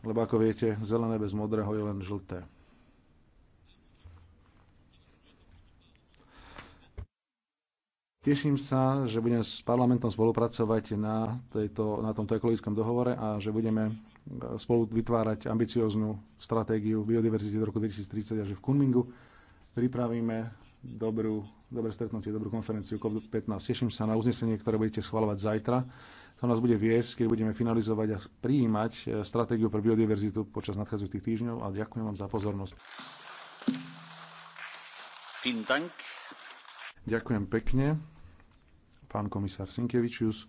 Lebo ako viete, zelené bez modrého je len žlté. Teším sa, že budem s parlamentom spolupracovať na, tejto, na tomto ekologickom dohovore a že budeme e, spolu vytvárať ambicióznu stratégiu biodiverzity do roku 2030 a že v Kunmingu pripravíme dobrú, dobré stretnutie, dobrú konferenciu COP15. Teším sa na uznesenie, ktoré budete schvalovať zajtra to nás bude viesť, keď budeme finalizovať a prijímať e, stratégiu pre biodiverzitu počas nadchádzajúcich týždňov a ďakujem vám za pozornosť. Ďakujem pekne, pán komisár Sinkevičius.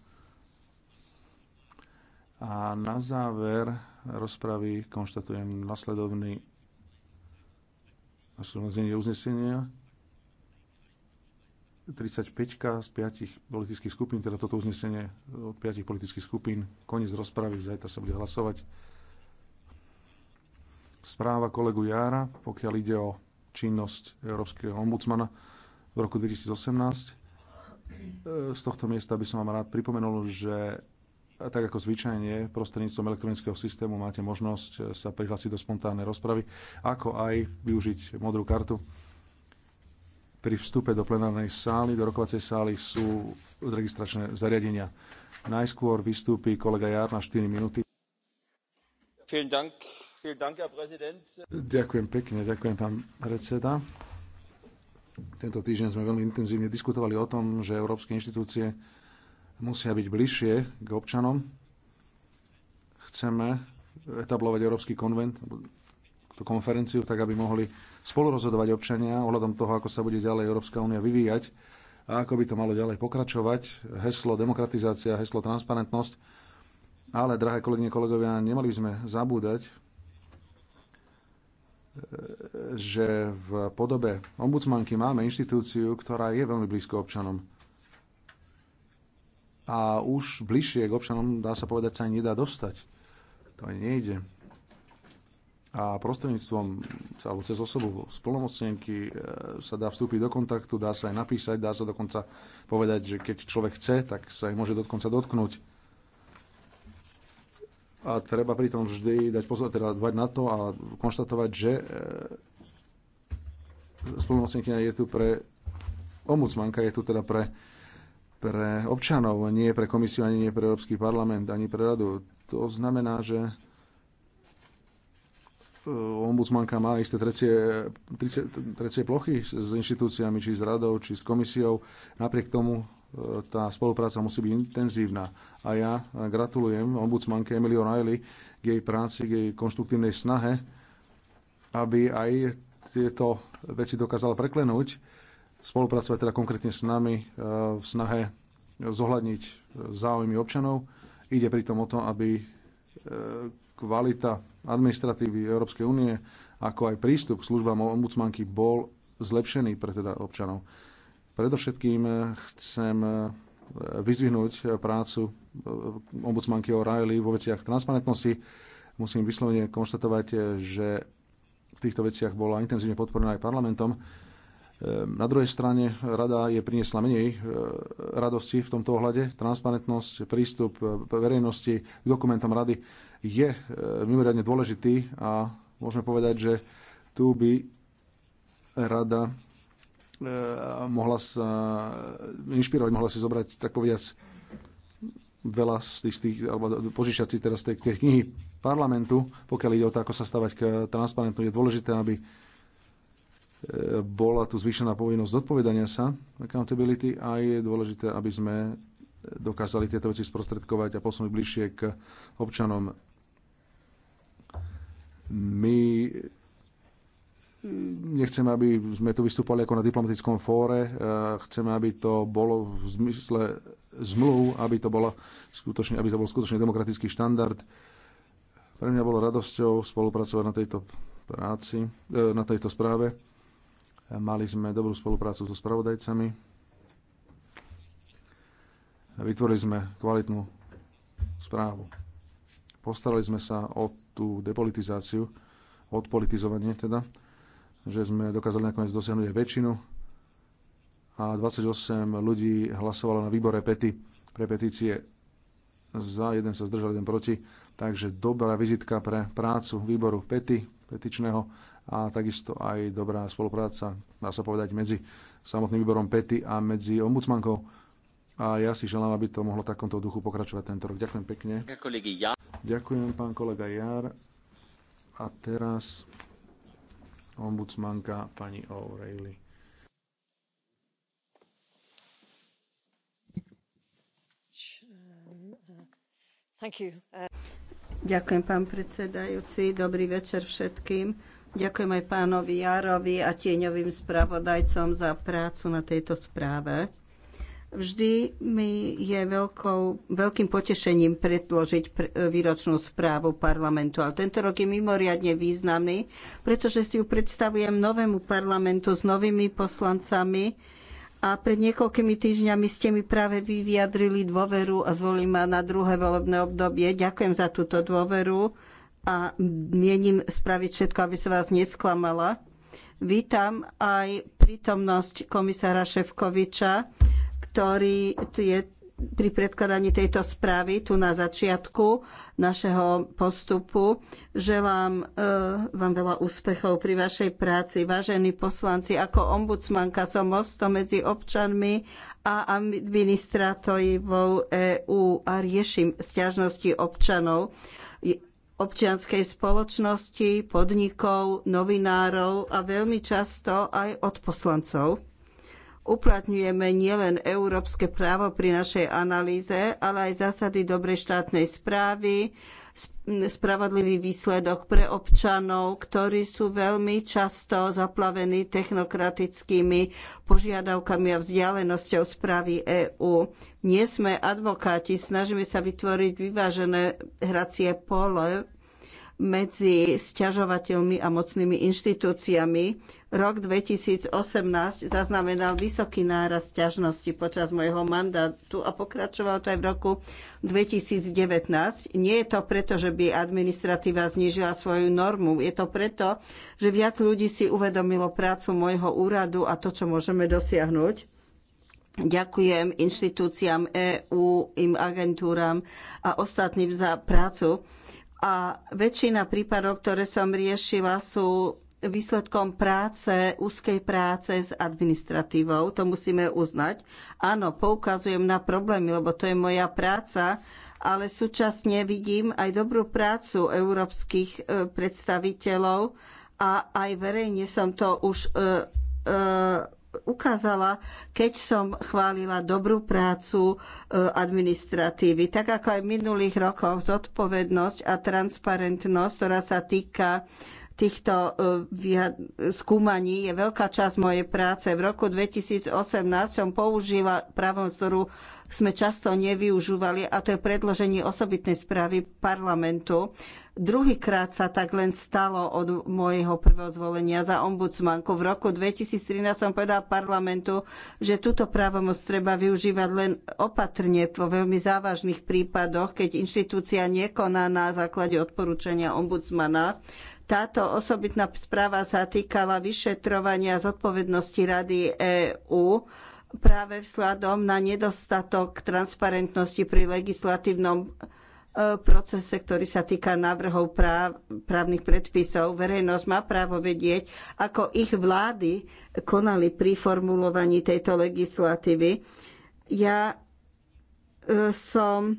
A na záver rozpravy konštatujem nasledovný nasledovné uznesenia 35 z 5 politických skupín, teda toto uznesenie e, od 5 politických skupín. Koniec rozpravy, zajtra sa bude hlasovať. Správa kolegu Jára, pokiaľ ide o činnosť Európskeho ombudsmana v roku 2018. E, z tohto miesta by som vám rád pripomenul, že tak ako zvyčajne prostredníctvom elektronického systému máte možnosť sa prihlásiť do spontánnej rozpravy, ako aj využiť modrú kartu pri vstupe do plenárnej sály, do rokovacej sály sú registračné zariadenia. Najskôr vystúpi kolega Jár na 4 minúty. Ďakujem pekne, ďakujem pán predseda. Tento týždeň sme veľmi intenzívne diskutovali o tom, že európske inštitúcie musia byť bližšie k občanom. Chceme etablovať Európsky konvent, tú konferenciu, tak aby mohli spolurozhodovať občania ohľadom toho, ako sa bude ďalej Európska únia vyvíjať a ako by to malo ďalej pokračovať. Heslo demokratizácia, heslo transparentnosť. Ale, drahé kolegyne, kolegovia, nemali by sme zabúdať, že v podobe ombudsmanky máme inštitúciu, ktorá je veľmi blízko občanom. A už bližšie k občanom, dá sa povedať, sa nedá dostať. To aj nejde a prostredníctvom alebo cez osobu splnomocnenky e, sa dá vstúpiť do kontaktu, dá sa aj napísať, dá sa dokonca povedať, že keď človek chce, tak sa aj môže dokonca dotknúť. A treba pritom vždy dať pozor, teda dbať na to a konštatovať, že e, splnomocnenkyňa je tu pre ombudsmanka, je tu teda pre, pre občanov, nie pre komisiu, ani nie pre Európsky parlament, ani pre radu. To znamená, že ombudsmanka má isté trecie, trecie, trecie plochy s inštitúciami, či s radou, či s komisiou. Napriek tomu e, tá spolupráca musí byť intenzívna. A ja gratulujem ombudsmanke Emilio Riley k jej práci, k jej konštruktívnej snahe, aby aj tieto veci dokázala preklenúť, spolupracovať teda konkrétne s nami e, v snahe zohľadniť e, záujmy občanov. Ide pritom o to, aby kvalita administratívy Európskej únie, ako aj prístup k službám ombudsmanky bol zlepšený pre teda občanov. Predovšetkým chcem e, vyzvihnúť prácu e, ombudsmanky O'Reilly vo veciach transparentnosti. Musím vyslovene konštatovať, e, že v týchto veciach bola intenzívne podporená aj parlamentom. Na druhej strane rada je priniesla menej radosti v tomto ohľade. Transparentnosť, prístup verejnosti k dokumentom rady je e, mimoriadne dôležitý a môžeme povedať, že tu by rada e, mohla sa e, inšpirovať, mohla si zobrať, tak povediac, veľa z tých, tých alebo požičať si teraz tej, tej knihy parlamentu, pokiaľ ide o to, ako sa stavať k transparentu. Je dôležité, aby bola tu zvýšená povinnosť zodpovedania sa, accountability, a je dôležité, aby sme dokázali tieto veci sprostredkovať a posunúť bližšie k občanom. My nechcem, aby sme tu vystúpali ako na diplomatickom fóre, eh, chceme, aby to bolo v zmysle zmluv, aby to, bola skutočne, aby to bol skutočne demokratický štandard. Pre mňa bolo radosťou spolupracovať na tejto práci, eh, na tejto správe. Mali sme dobrú spoluprácu so spravodajcami. Vytvorili sme kvalitnú správu. Postarali sme sa o tú depolitizáciu, odpolitizovanie teda, že sme dokázali nakoniec dosiahnuť aj väčšinu a 28 ľudí hlasovalo na výbore pety pre petície za, jeden sa zdržal, jeden proti. Takže dobrá vizitka pre prácu výboru pety, petičného a takisto aj dobrá spolupráca, dá sa povedať, medzi samotným výborom pety a medzi ombudsmankou a ja si želám, aby to mohlo takomto duchu pokračovať tento rok. Ďakujem pekne. Ďakujem, pán kolega Jar. A teraz ombudsmanka pani O'Reilly. Ďakujem, pán predsedajúci. Dobrý večer všetkým. Ďakujem aj pánovi Jarovi a tieňovým spravodajcom za prácu na tejto správe. Vždy mi je veľkou, veľkým potešením predložiť e, výročnú správu parlamentu, ale tento rok je mimoriadne významný, pretože si ju predstavujem novému parlamentu s novými poslancami a pred niekoľkými týždňami ste mi práve vy vyjadrili dôveru a zvolili ma na druhé volebné obdobie. Ďakujem za túto dôveru a mienim spraviť všetko, aby som vás nesklamala. Vítam aj prítomnosť komisára Ševkoviča, ktorý je pri predkladaní tejto správy tu na začiatku našeho postupu. Želám eh, vám veľa úspechov pri vašej práci. Vážení poslanci, ako ombudsmanka som mostom medzi občanmi a administratívou EÚ a riešim stiažnosti občanov občianskej spoločnosti, podnikov, novinárov a veľmi často aj od poslancov uplatňujeme nielen európske právo pri našej analýze, ale aj zásady dobrej štátnej správy, spravodlivý výsledok pre občanov, ktorí sú veľmi často zaplavení technokratickými požiadavkami a vzdialenosťou správy EÚ. Nie sme advokáti, snažíme sa vytvoriť vyvážené hracie pole medzi sťažovateľmi a mocnými inštitúciami. Rok 2018 zaznamenal vysoký náraz sťažnosti počas môjho mandátu a pokračoval to aj v roku 2019. Nie je to preto, že by administratíva znížila svoju normu. Je to preto, že viac ľudí si uvedomilo prácu môjho úradu a to, čo môžeme dosiahnuť. Ďakujem inštitúciám EÚ, im agentúram a ostatným za prácu a väčšina prípadov, ktoré som riešila, sú výsledkom práce, úzkej práce s administratívou. To musíme uznať. Áno, poukazujem na problémy, lebo to je moja práca, ale súčasne vidím aj dobrú prácu európskych e, predstaviteľov a aj verejne som to už uh, uh, ukázala, keď som chválila dobrú prácu e, administratívy, tak ako aj v minulých rokoch zodpovednosť a transparentnosť, ktorá sa týka týchto e, skúmaní je veľká časť mojej práce. V roku 2018 som použila právom, ktorú sme často nevyužívali, a to je predloženie osobitnej správy parlamentu. Druhýkrát sa tak len stalo od môjho prvého zvolenia za ombudsmanku. V roku 2013 som povedal parlamentu, že túto právomoc treba využívať len opatrne vo veľmi závažných prípadoch, keď inštitúcia nekoná na základe odporúčania ombudsmana. Táto osobitná správa sa týkala vyšetrovania zodpovednosti Rady EÚ práve vzhľadom na nedostatok transparentnosti pri legislatívnom procese, ktorý sa týka návrhov práv, právnych predpisov. Verejnosť má právo vedieť, ako ich vlády konali pri formulovaní tejto legislatívy. Ja e, som e,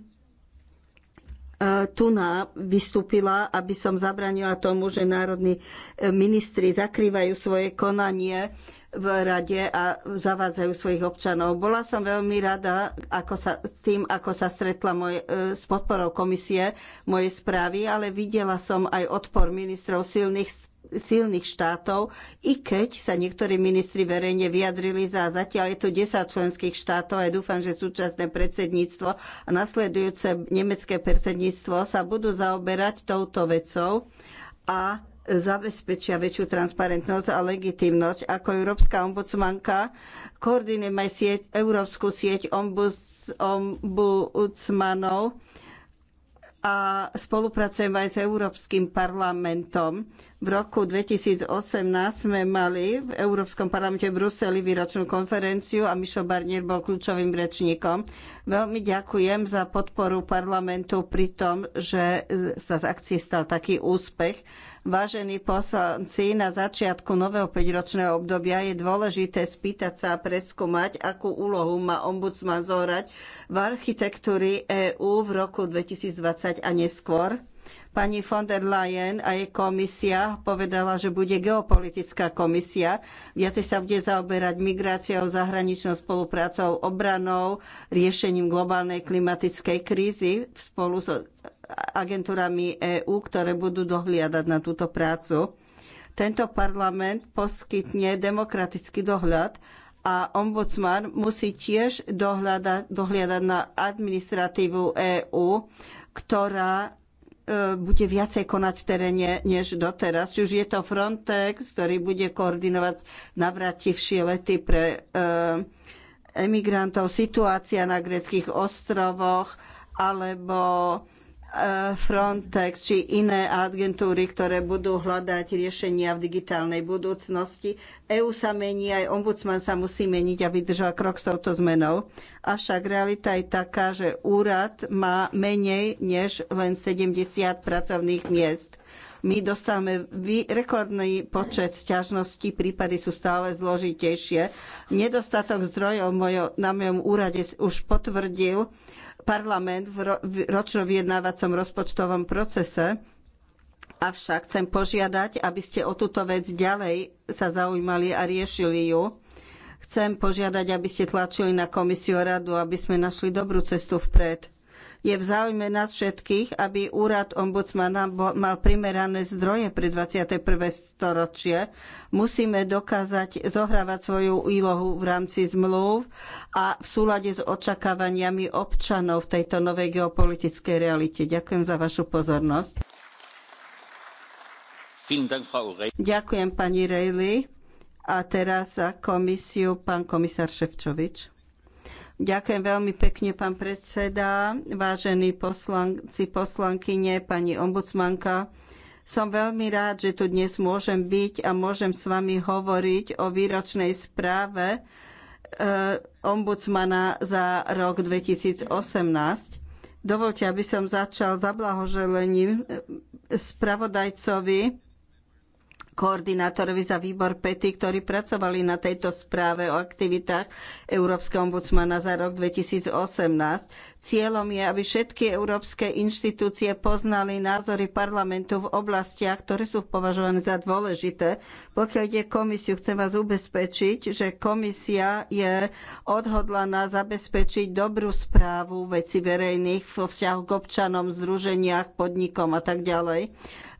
tu na vystúpila, aby som zabranila tomu, že národní e, ministri zakrývajú svoje konanie v rade a zavádzajú svojich občanov. Bola som veľmi rada ako sa, tým, ako sa stretla e, s podporou komisie mojej správy, ale videla som aj odpor ministrov silných silných štátov, i keď sa niektorí ministri verejne vyjadrili za zatiaľ je tu 10 členských štátov a ja dúfam, že súčasné predsedníctvo a nasledujúce nemecké predsedníctvo sa budú zaoberať touto vecou a zabezpečia väčšiu transparentnosť a legitimnosť. Ako európska ombudsmanka koordinujeme sieť, európsku sieť ombuds, ombudsmanov a spolupracujem aj s Európskym parlamentom. V roku 2018 sme mali v Európskom parlamente v Bruseli výročnú konferenciu a Mišo Barnier bol kľúčovým rečníkom. Veľmi ďakujem za podporu parlamentu pri tom, že sa z akcie stal taký úspech Vážení poslanci, na začiatku nového 5-ročného obdobia je dôležité spýtať sa a preskúmať, akú úlohu má ombudsman zohrať v architektúri EÚ v roku 2020 a neskôr. Pani von der Leyen a jej komisia povedala, že bude geopolitická komisia. Viacej sa bude zaoberať migráciou, zahraničnou spoluprácou, obranou, riešením globálnej klimatickej krízy spolu so agentúrami EÚ, ktoré budú dohliadať na túto prácu. Tento parlament poskytne demokratický dohľad a ombudsman musí tiež dohľadať, dohliadať na administratívu EÚ, ktorá e, bude viacej konať v teréne než doteraz. Či už je to Frontex, ktorý bude koordinovať navrativšie lety pre e, emigrantov, situácia na greckých ostrovoch, alebo Eh, Frontex či iné agentúry, ktoré budú hľadať riešenia v digitálnej budúcnosti. EÚ sa mení, aj ombudsman sa musí meniť, aby držal krok s touto zmenou. Avšak realita je taká, že úrad má menej než len 70 pracovných miest. My dostávame rekordný počet sťažností, prípady sú stále zložitejšie. Nedostatok zdrojov na mojom úrade už potvrdil, parlament v ročnom vyjednávacom rozpočtovom procese. Avšak chcem požiadať, aby ste o túto vec ďalej sa zaujímali a riešili ju. Chcem požiadať, aby ste tlačili na komisiu a radu, aby sme našli dobrú cestu vpred je v záujme nás všetkých, aby úrad ombudsmana mal primerané zdroje pre 21. storočie. Musíme dokázať zohrávať svoju úlohu v rámci zmluv a v súlade s očakávaniami občanov v tejto novej geopolitickej realite. Ďakujem za vašu pozornosť. Ďakujem pani Rejli. A teraz za komisiu pán komisár Ševčovič. Ďakujem veľmi pekne, pán predseda, vážení poslanci, poslankyne, pani ombudsmanka. Som veľmi rád, že tu dnes môžem byť a môžem s vami hovoriť o výročnej správe e, ombudsmana za rok 2018. Dovolte, aby som začal zablahoželením e, spravodajcovi koordinátorovi za výbor PETI, ktorí pracovali na tejto správe o aktivitách Európskeho ombudsmana za rok 2018. Cieľom je, aby všetky európske inštitúcie poznali názory parlamentu v oblastiach, ktoré sú považované za dôležité. Pokiaľ ide komisiu, chcem vás ubezpečiť, že komisia je odhodlaná zabezpečiť dobrú správu veci verejných vo vzťahu k občanom, združeniach, podnikom a tak ďalej.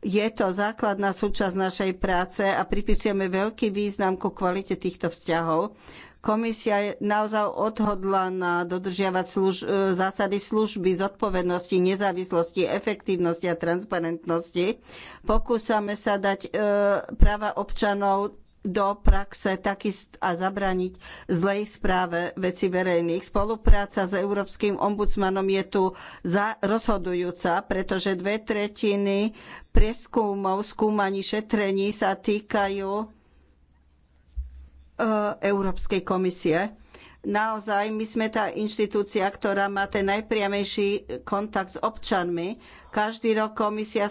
Je to základná súčasť našej práce a pripisujeme veľký význam ku kvalite týchto vzťahov. Komisia je naozaj odhodlaná dodržiavať služ- e, zásady služby, zodpovednosti, nezávislosti, efektívnosti a transparentnosti. Pokúsame sa dať e, práva občanov do praxe takisto a zabraniť zlej správe veci verejných. Spolupráca s Európskym ombudsmanom je tu za rozhodujúca, pretože dve tretiny prieskumov, skúmaní, šetrení sa týkajú Eh, Európskej komisie. Naozaj, my sme tá inštitúcia, ktorá má ten najpriamejší kontakt s občanmi. Každý rok komisia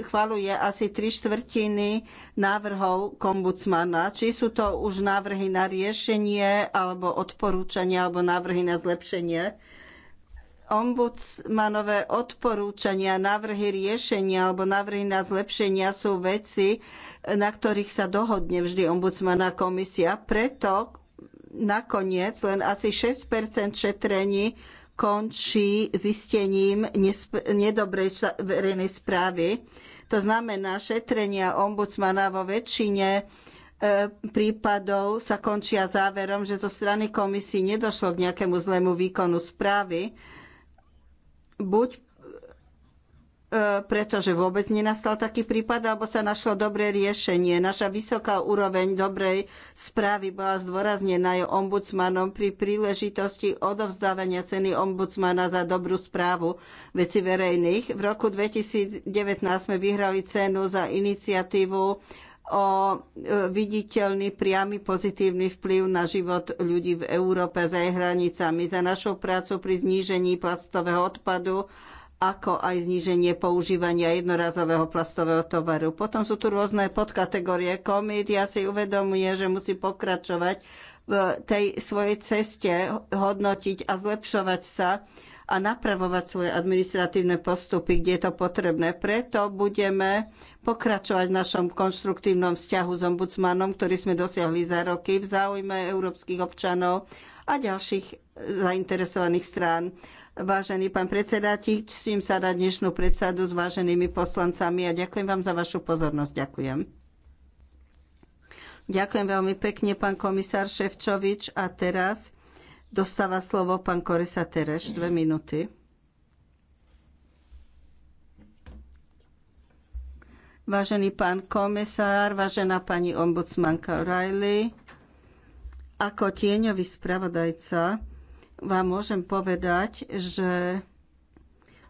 chvaluje asi tri štvrtiny návrhov kombudsmana. Či sú to už návrhy na riešenie, alebo odporúčania, alebo návrhy na zlepšenie ombudsmanové odporúčania, návrhy riešenia alebo návrhy na zlepšenia sú veci, na ktorých sa dohodne vždy ombudsmaná komisia. Preto nakoniec len asi 6 šetrení končí zistením nedobrej verejnej správy. To znamená, šetrenia ombudsmana vo väčšine e, prípadov sa končia záverom, že zo strany komisí nedošlo k nejakému zlému výkonu správy. Buď E, pretože vôbec nenastal taký prípad, alebo sa našlo dobré riešenie. Naša vysoká úroveň dobrej správy bola zdôraznená aj ombudsmanom pri príležitosti odovzdávania ceny ombudsmana za dobrú správu veci verejných. V roku 2019 sme vyhrali cenu za iniciatívu o e, viditeľný, priamy, pozitívny vplyv na život ľudí v Európe za jej hranicami, za našu prácu pri znížení plastového odpadu ako aj zníženie používania jednorazového plastového tovaru. Potom sú tu rôzne podkategórie. Komédia si uvedomuje, že musí pokračovať v tej svojej ceste, hodnotiť a zlepšovať sa a napravovať svoje administratívne postupy, kde je to potrebné. Preto budeme pokračovať v našom konštruktívnom vzťahu s ombudsmanom, ktorý sme dosiahli za roky v záujme európskych občanov a ďalších zainteresovaných strán. Vážený pán predseda, tým sa na dnešnú predsadu s váženými poslancami a ďakujem vám za vašu pozornosť. Ďakujem. Ďakujem veľmi pekne, pán komisár Ševčovič. A teraz dostáva slovo pán Korisa Tereš. Dve minúty. Vážený pán komisár, vážená pani ombudsmanka O'Reilly, ako tieňový spravodajca vám môžem povedať, že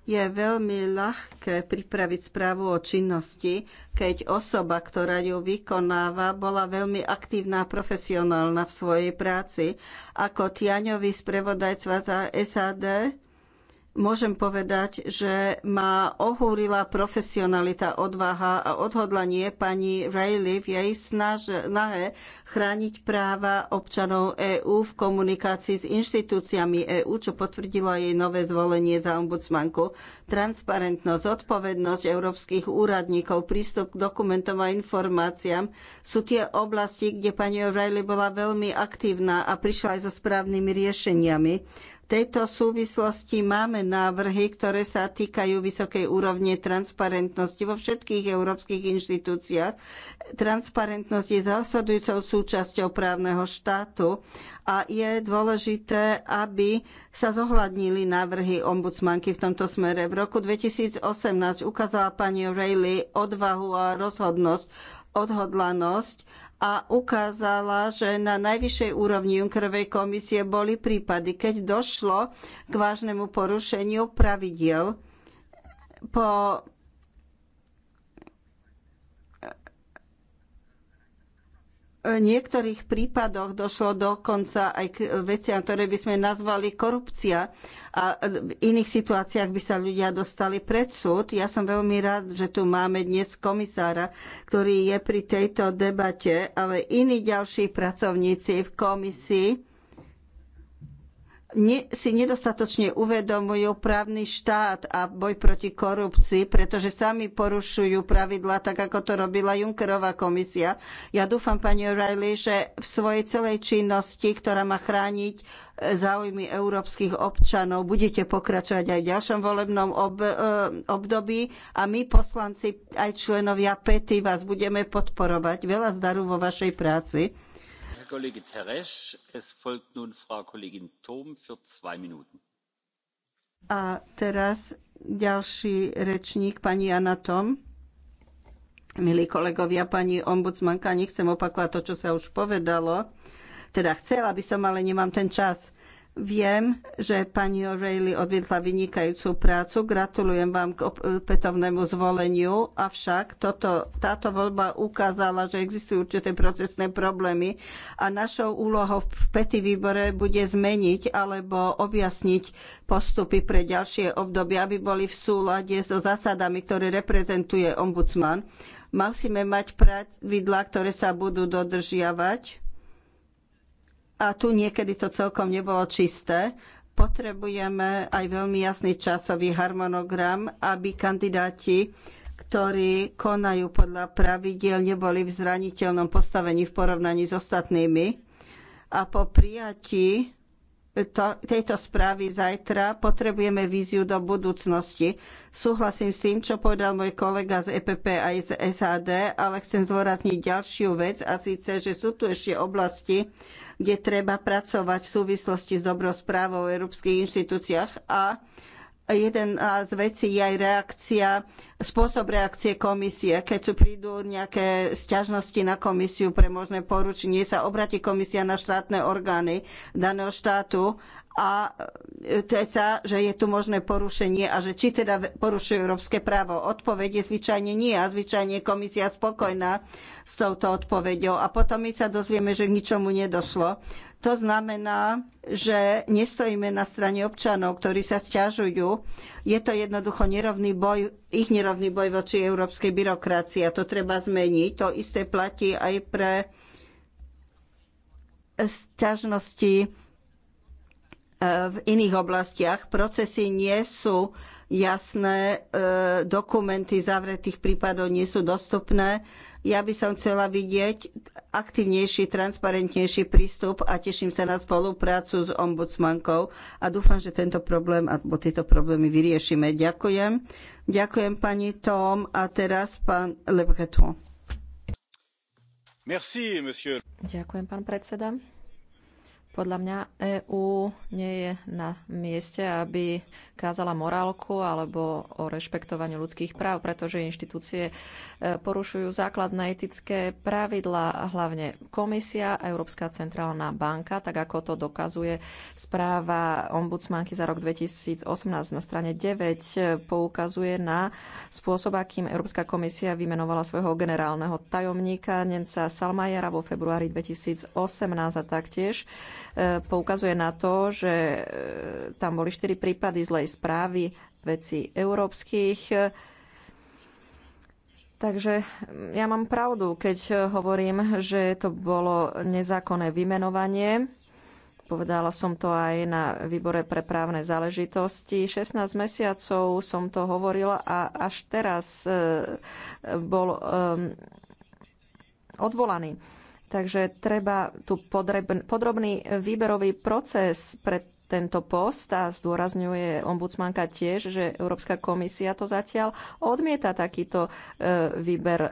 je veľmi ľahké pripraviť správu o činnosti, keď osoba, ktorá ju vykonáva, bola veľmi aktívna a profesionálna v svojej práci. Ako Tiaňový sprevodajca za SAD môžem povedať, že ma ohúrila profesionalita, odvaha a odhodlanie pani Rayleigh v jej snahe chrániť práva občanov EÚ v komunikácii s inštitúciami EÚ, čo potvrdilo jej nové zvolenie za ombudsmanku. Transparentnosť, odpovednosť európskych úradníkov, prístup k dokumentom a informáciám sú tie oblasti, kde pani O'Reilly bola veľmi aktívna a prišla aj so správnymi riešeniami tejto súvislosti máme návrhy, ktoré sa týkajú vysokej úrovne transparentnosti vo všetkých európskych inštitúciách. Transparentnosť je zásadujúcou súčasťou právneho štátu a je dôležité, aby sa zohľadnili návrhy ombudsmanky v tomto smere. V roku 2018 ukázala pani O'Reilly odvahu a rozhodnosť odhodlanosť a ukázala, že na najvyššej úrovni Junckerovej komisie boli prípady, keď došlo k vážnemu porušeniu pravidiel po niektorých prípadoch došlo dokonca aj k veciam, ktoré by sme nazvali korupcia a v iných situáciách by sa ľudia dostali pred súd. Ja som veľmi rád, že tu máme dnes komisára, ktorý je pri tejto debate, ale iní ďalší pracovníci v komisii ne, si nedostatočne uvedomujú právny štát a boj proti korupcii, pretože sami porušujú pravidla, tak ako to robila Junckerová komisia. Ja dúfam, pani O'Reilly, že v svojej celej činnosti, ktorá má chrániť e, záujmy európskych občanov, budete pokračovať aj v ďalšom volebnom ob, e, období a my, poslanci, aj členovia PETY, vás budeme podporovať. Veľa zdaru vo vašej práci. A teraz ďalší rečník, pani Jana Tom. Milí kolegovia, pani ombudsmanka, nechcem opakovať to, čo sa už povedalo. Teda chcela by som, ale nemám ten čas Viem, že pani O'Reilly odviedla vynikajúcu prácu. Gratulujem vám k opätovnému zvoleniu. Avšak toto, táto voľba ukázala, že existujú určité procesné problémy a našou úlohou v pety výbore bude zmeniť alebo objasniť postupy pre ďalšie obdobie, aby boli v súlade so zásadami, ktoré reprezentuje ombudsman. Musíme mať pravidlá, ktoré sa budú dodržiavať a tu niekedy to celkom nebolo čisté. Potrebujeme aj veľmi jasný časový harmonogram, aby kandidáti ktorí konajú podľa pravidiel, neboli v zraniteľnom postavení v porovnaní s ostatnými. A po prijatí to, tejto správy zajtra potrebujeme víziu do budúcnosti. Súhlasím s tým, čo povedal môj kolega z EPP aj z SAD, ale chcem zdôrazniť ďalšiu vec a síce, že sú tu ešte oblasti, kde treba pracovať v súvislosti s dobrou správou v európskych inštitúciách a jeden z vecí je aj reakcia, spôsob reakcie komisie. Keď sú prídu nejaké sťažnosti na komisiu pre možné poručenie, sa obratí komisia na štátne orgány daného štátu a teda, že je tu možné porušenie a že či teda porušuje európske právo. Odpoveď je zvyčajne nie a zvyčajne je komisia spokojná s touto odpoveďou a potom my sa dozvieme, že k ničomu nedošlo. To znamená, že nestojíme na strane občanov, ktorí sa sťažujú. Je to jednoducho nerovný boj, ich nerovný boj voči európskej byrokracii a to treba zmeniť. To isté platí aj pre sťažnosti v iných oblastiach. Procesy nie sú jasné, e, dokumenty zavretých prípadov nie sú dostupné. Ja by som chcela vidieť aktivnejší, transparentnejší prístup a teším sa na spoluprácu s ombudsmankou a dúfam, že tento problém alebo tieto problémy vyriešime. Ďakujem. Ďakujem pani Tom a teraz pán Lebreton. Merci, monsieur. Ďakujem, pán predseda. Podľa mňa EÚ nie je na mieste, aby kázala morálku alebo o rešpektovaní ľudských práv, pretože inštitúcie e, porušujú základné etické pravidla, hlavne Komisia, Európska centrálna banka, tak ako to dokazuje správa ombudsmanky za rok 2018 na strane 9, e, poukazuje na spôsob, akým Európska komisia vymenovala svojho generálneho tajomníka Nemca Salmajera vo februári 2018 a taktiež E, poukazuje na to, že e, tam boli štyri prípady zlej správy veci európskych. E, takže mm, ja mám pravdu, keď hovorím, že to bolo nezákonné vymenovanie. Povedala som to aj na výbore pre právne záležitosti. 16 mesiacov som to hovorila a až teraz bol odvolaný. Takže treba tu podrobný výberový proces pre tento post a zdôrazňuje ombudsmanka tiež, že Európska komisia to zatiaľ odmieta takýto e, výber e,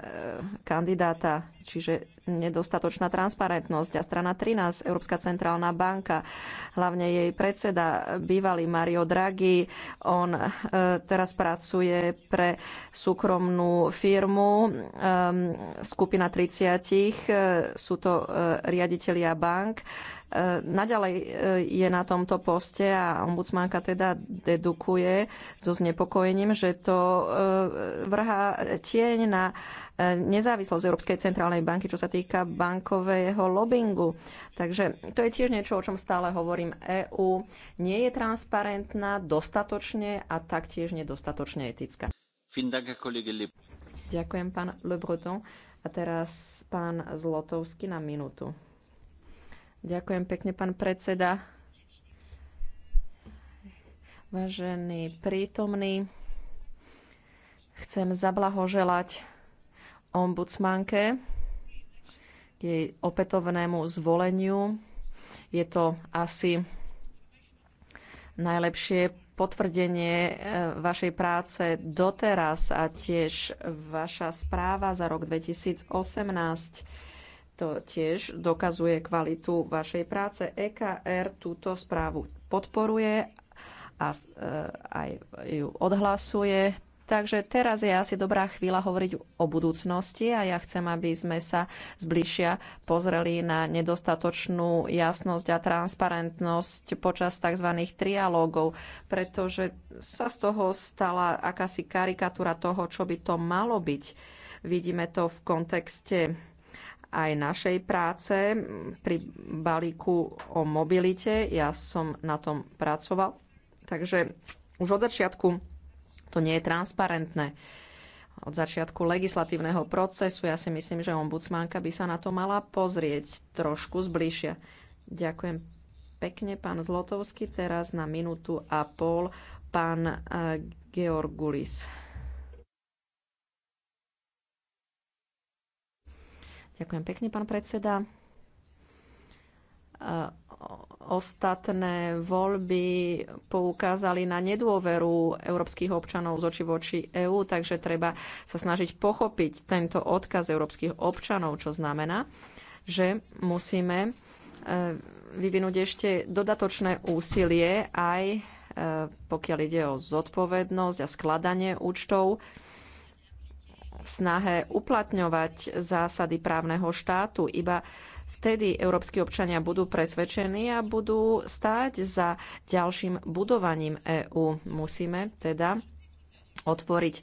kandidáta čiže nedostatočná transparentnosť. A strana 13, Európska centrálna banka, hlavne jej predseda, bývalý Mario Draghi, on e, teraz pracuje pre súkromnú firmu, ehm, skupina 30, e, sú to e, riaditeľia bank. Naďalej je na tomto poste a ombudsmanka teda dedukuje so znepokojením, že to vrhá tieň na nezávislosť Európskej centrálnej banky, čo sa týka bankového lobbingu. Takže to je tiež niečo, o čom stále hovorím. EÚ nie je transparentná dostatočne a taktiež nedostatočne etická. Ďakujem, pán Le Breton. A teraz pán Zlotovský na minútu. Ďakujem pekne, pán predseda. Vážený prítomný, chcem zablahoželať ombudsmanke, jej opätovnému zvoleniu. Je to asi najlepšie potvrdenie e, vašej práce doteraz a tiež vaša správa za rok 2018. To tiež dokazuje kvalitu vašej práce. EKR túto správu podporuje a e, aj ju odhlasuje. Takže teraz je asi dobrá chvíľa hovoriť o budúcnosti a ja chcem, aby sme sa zbližšia pozreli na nedostatočnú jasnosť a transparentnosť počas tzv. trialógov, pretože sa z toho stala akási karikatúra toho, čo by to malo byť. Vidíme to v kontexte aj našej práce pri balíku o mobilite. Ja som na tom pracoval. Takže už od začiatku to nie je transparentné. Od začiatku legislatívneho procesu ja si myslím, že ombudsmanka by sa na to mala pozrieť trošku zbližšia. Ďakujem pekne, pán Zlotovský. Teraz na minútu a pol pán eh, Georgulis. Ďakujem pekne, pán predseda. Eh, ostatné voľby poukázali na nedôveru európskych občanov z oči voči EÚ, takže treba sa snažiť pochopiť tento odkaz európskych občanov, čo znamená, že musíme eh, vyvinúť ešte dodatočné úsilie aj eh, pokiaľ ide o zodpovednosť a skladanie účtov v snahe uplatňovať zásady právneho štátu. Iba Vtedy európsky občania budú presvedčení a budú stáť za ďalším budovaním EÚ. Musíme teda otvoriť e,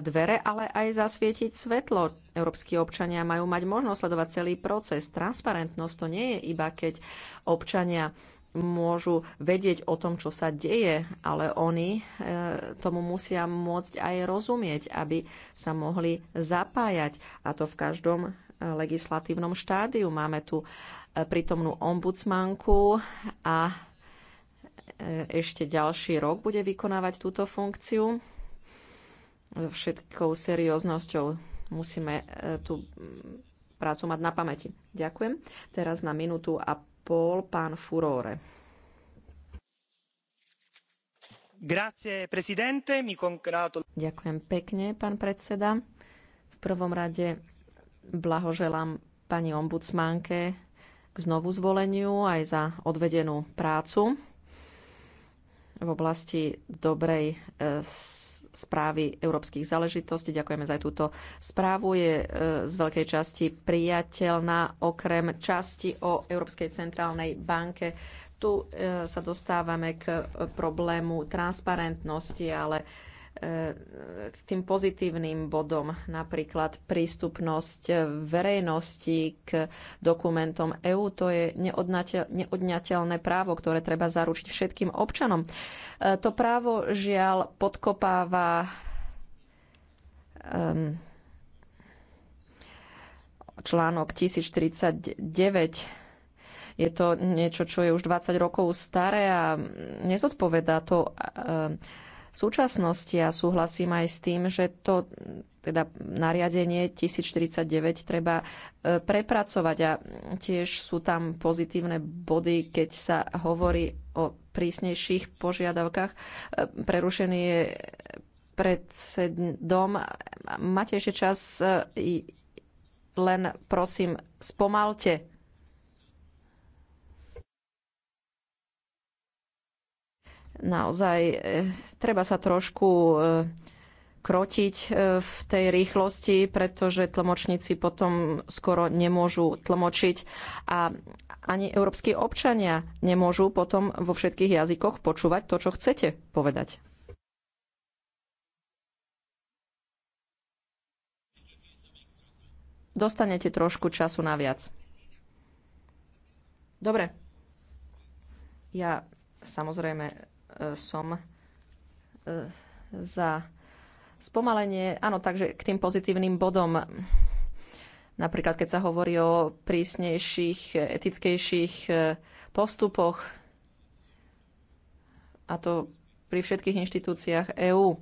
dvere, ale aj zasvietiť svetlo. Európsky občania majú mať možnosť sledovať celý proces. Transparentnosť to nie je iba, keď občania môžu vedieť o tom, čo sa deje, ale oni e, tomu musia môcť aj rozumieť, aby sa mohli zapájať, a to v každom legislatívnom štádiu. Máme tu e, prítomnú ombudsmanku a e, ešte ďalší rok bude vykonávať túto funkciu. So všetkou serióznosťou musíme e, tú mm, prácu mať na pamäti. Ďakujem. Teraz na minútu a pol pán Furore. Grazie, Ďakujem pekne, pán predseda. V prvom rade Blahoželám pani ombudsmanke k znovu zvoleniu aj za odvedenú prácu v oblasti dobrej e, správy európskych záležitostí. Ďakujeme za aj túto správu. Je e, z veľkej časti priateľná, okrem časti o Európskej centrálnej banke. Tu e, sa dostávame k problému transparentnosti, ale k tým pozitívnym bodom, napríklad prístupnosť verejnosti k dokumentom EÚ. To je neodňateľné právo, ktoré treba zaručiť všetkým občanom. E, to právo žiaľ podkopáva ehm, článok 1049 je to niečo, čo je už 20 rokov staré a nezodpovedá to ehm, súčasnosti a ja súhlasím aj s tým, že to teda nariadenie 1049 treba e, prepracovať a tiež sú tam pozitívne body, keď sa hovorí o prísnejších požiadavkách. E, prerušený je predsedom. Máte ešte čas, e, len prosím, spomalte. naozaj e, treba sa trošku e, krotiť e, v tej rýchlosti, pretože tlmočníci potom skoro nemôžu tlmočiť a ani európsky občania nemôžu potom vo všetkých jazykoch počúvať to, čo chcete povedať. Dostanete trošku času naviac. Dobre. Ja samozrejme som e, za spomalenie. Áno, takže k tým pozitívnym bodom. Napríklad, keď sa hovorí o prísnejších, etickejších e, postupoch, a to pri všetkých inštitúciách EÚ. E,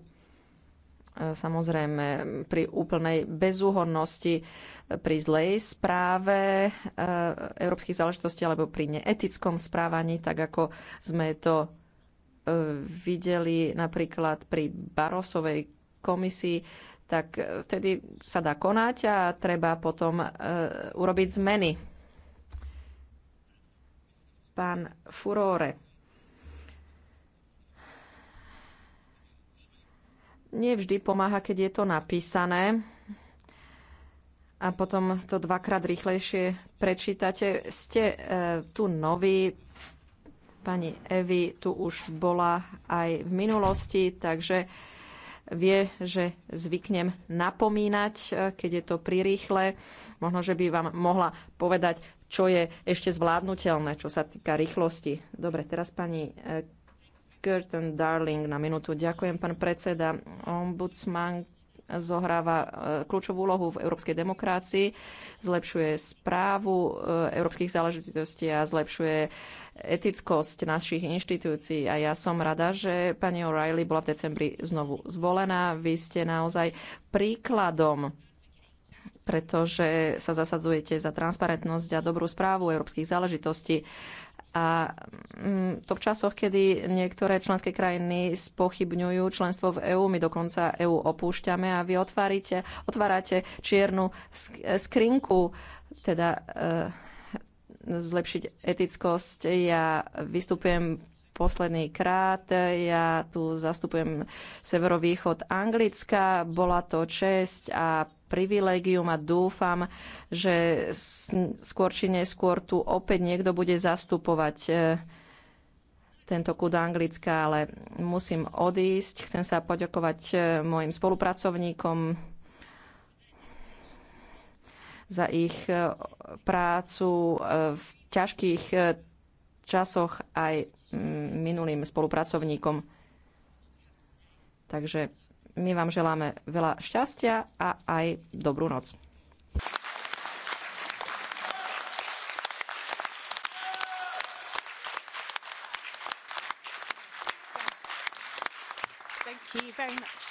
samozrejme, pri úplnej bezúhonnosti, pri zlej správe európskych záležitostí alebo pri neetickom správaní, tak ako sme to E, videli napríklad pri Barosovej komisii, tak vtedy sa dá konať a treba potom e, urobiť zmeny. Pán Furore. nevždy pomáha, keď je to napísané a potom to dvakrát rýchlejšie prečítate. Ste e, tu noví, Pani Evi tu už bola aj v minulosti, takže vie, že zvyknem napomínať, eh, keď je to prirýchle. Možno, že by vám mohla povedať, čo je ešte zvládnutelné, čo sa týka rýchlosti. Dobre, teraz pani eh, Curtin Darling na minútu. Ďakujem, pán predseda. Ombudsman zohráva eh, kľúčovú úlohu v európskej demokracii, zlepšuje správu európskych záležitostí a zlepšuje etickosť našich inštitúcií. A ja som rada, že pani O'Reilly bola v decembri znovu zvolená. Vy ste naozaj príkladom pretože sa zasadzujete za transparentnosť a dobrú správu európskych záležitostí. A mm, to v časoch, kedy niektoré členské krajiny spochybňujú členstvo v EÚ, my dokonca EÚ opúšťame a vy otvárate čiernu skrinku, teda e zlepšiť etickosť. Ja vystupujem posledný krát. Ja tu zastupujem severovýchod Anglicka. Bola to česť a privilégium a dúfam, že skôr či neskôr tu opäť niekto bude zastupovať e, tento kud Anglicka, ale musím odísť. Chcem sa poďakovať e, mojim spolupracovníkom, za ich e, prácu e, v ťažkých e, časoch aj mm, minulým spolupracovníkom. Takže my vám želáme veľa šťastia a aj dobrú noc. Thank you very much.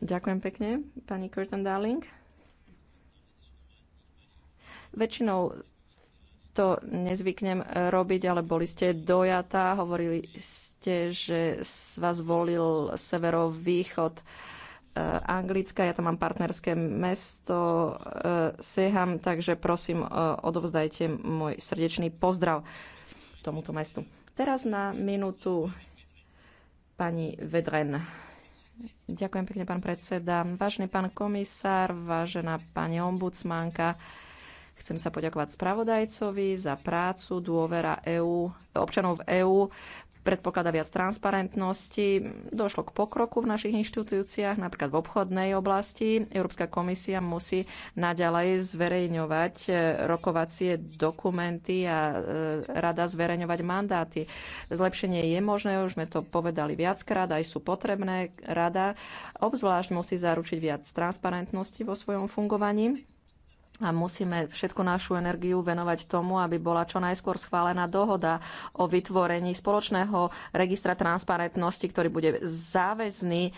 Ďakujem pekne, pani Curtin Darling. Väčšinou to nezvyknem robiť, ale boli ste dojatá, hovorili ste, že vás volil severovýchod e, Anglicka, ja tam mám partnerské mesto e, Seham, takže prosím, e, odovzdajte môj srdečný pozdrav tomuto mestu. Teraz na minútu pani Vedren. Ďakujem pekne, pán predseda. Vážený pán komisár, vážená pani ombudsmanka, Chcem sa poďakovať spravodajcovi za prácu, dôvera EU, občanov EÚ predpokladá viac transparentnosti. Došlo k pokroku v našich inštitúciách, napríklad v obchodnej oblasti. Európska komisia musí naďalej zverejňovať e, rokovacie dokumenty a e, rada zverejňovať mandáty. Zlepšenie je možné, už sme to povedali viackrát, aj sú potrebné. Rada obzvlášť musí zaručiť viac transparentnosti vo svojom fungovaní a musíme všetku našu energiu venovať tomu, aby bola čo najskôr schválená dohoda o vytvorení spoločného registra transparentnosti, ktorý bude záväzný e,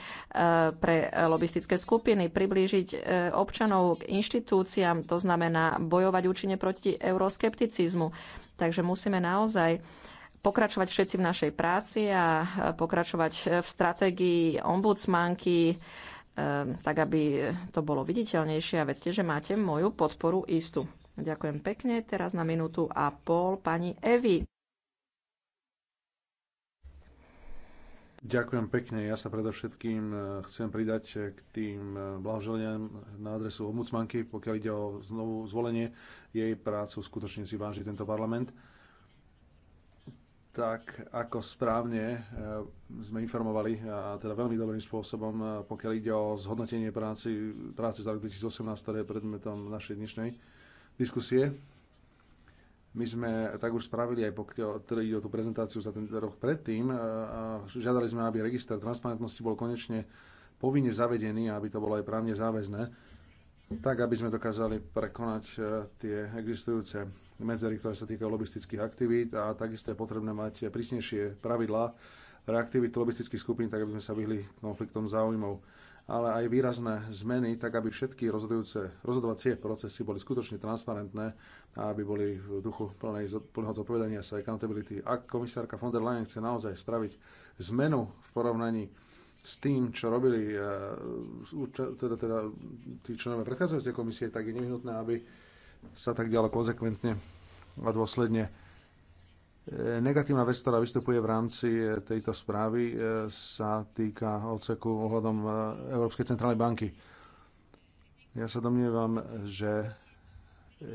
pre lobistické skupiny, priblížiť e, občanov k inštitúciám, to znamená bojovať účinne proti euroskepticizmu. Takže musíme naozaj pokračovať všetci v našej práci a e, pokračovať v stratégii ombudsmanky, Ehm, tak aby to bolo viditeľnejšie a vedzte, že máte moju podporu istú. Ďakujem pekne. Teraz na minútu a pol pani Evi. Ďakujem pekne. Ja sa predovšetkým eh, chcem pridať eh, k tým eh, blahoželeniam na adresu ombudsmanky, pokiaľ ide o znovu zvolenie. Jej prácu skutočne si váži tento parlament tak ako správne e, sme informovali, e, a teda veľmi dobrým spôsobom, e, pokiaľ ide o zhodnotenie práci, práce za rok 2018, ktoré je predmetom našej dnešnej diskusie. My sme tak už spravili aj pokiaľ teda ide o tú prezentáciu za ten rok predtým. A žiadali sme, aby register transparentnosti bol konečne povinne zavedený, aby to bolo aj právne záväzné tak aby sme dokázali prekonať e, tie existujúce medzery, ktoré sa týkajú lobistických aktivít a takisto je potrebné mať prísnejšie pravidlá pre aktivity lobistických skupín, tak aby sme sa vyhli konfliktom záujmov ale aj výrazné zmeny, tak aby všetky rozhodujúce, rozhodovacie procesy boli skutočne transparentné a aby boli v duchu plnej, plného zodpovedania sa accountability. Ak komisárka von der Leyen chce naozaj spraviť zmenu v porovnaní s tým, čo robili eh, teda, teda tí členovia predchádzajúcej komisie, tak je nevyhnutné, aby sa tak ďalej konzekventne a dôsledne eh, Negatívna vec, ktorá vystupuje v rámci eh, tejto správy, sa týka odseku ohľadom Európskej centrálnej banky. Ja sa domnievam, že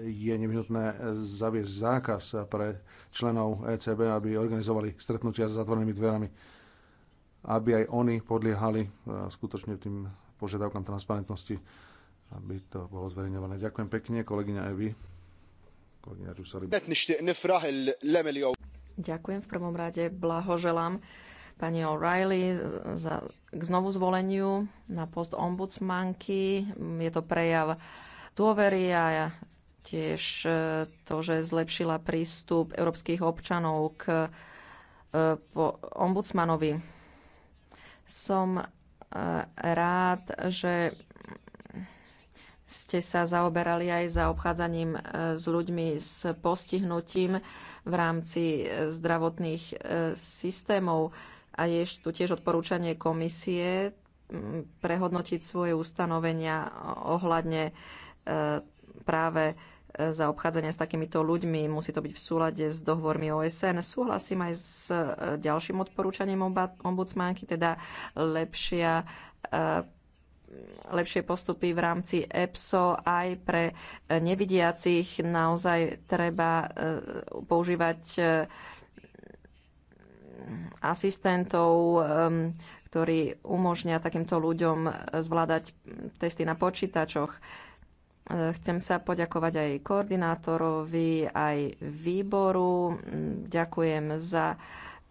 je nevyhnutné zaviesť zákaz pre členov ECB, aby organizovali stretnutia s zatvorenými dverami aby aj oni podliehali e, skutočne tým požiadavkám transparentnosti, aby to bolo zverejňované. Ďakujem pekne, kolegyňa vy. Kolegyňa Ďakujem v prvom rade, blahoželám pani O'Reilly za, k znovu zvoleniu na post ombudsmanky. Je to prejav dôvery a tiež e, to, že zlepšila prístup európskych občanov k e, ombudsmanovi som e, rád, že ste sa zaoberali aj za obchádzaním e, s ľuďmi s postihnutím v rámci e, zdravotných systémov. A je tu tiež odporúčanie komisie prehodnotiť svoje ustanovenia ohľadne práve za obchádzanie s takýmito ľuďmi. Musí to byť v súlade s dohovormi OSN. Súhlasím aj s e, ďalším odporúčaním ombudsmanky, teda lepšia e, lepšie postupy v rámci EPSO aj pre e, nevidiacich. Naozaj treba používať asistentov, ktorí umožnia takýmto ľuďom zvládať testy na počítačoch E, chcem sa poďakovať aj koordinátorovi, aj výboru. Mm, ďakujem za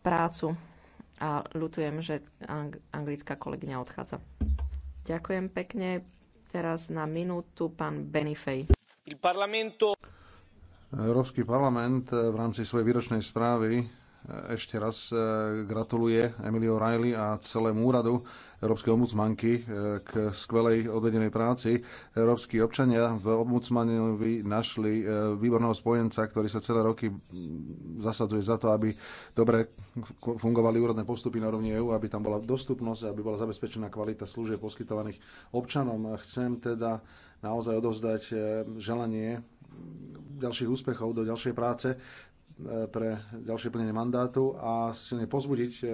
prácu a ľutujem, že anglická kolegyňa odchádza. Ďakujem pekne. Teraz na minútu pán Benifej. Európsky parlament v rámci svojej výročnej správy ešte raz e, gratuluje Emilio O'Reilly a celému úradu Európskej ombudsmanky e, k skvelej odvedenej práci. Európsky občania v ombudsmanovi našli e, výborného spojenca, ktorý sa celé roky zasadzuje za to, aby dobre fungovali úradné postupy na rovni EÚ, aby tam bola dostupnosť, aby bola zabezpečená kvalita služieb poskytovaných občanom. Chcem teda naozaj odovzdať želanie ďalších úspechov do ďalšej práce E, pre ďalšie plnenie mandátu a silne pozbudiť e,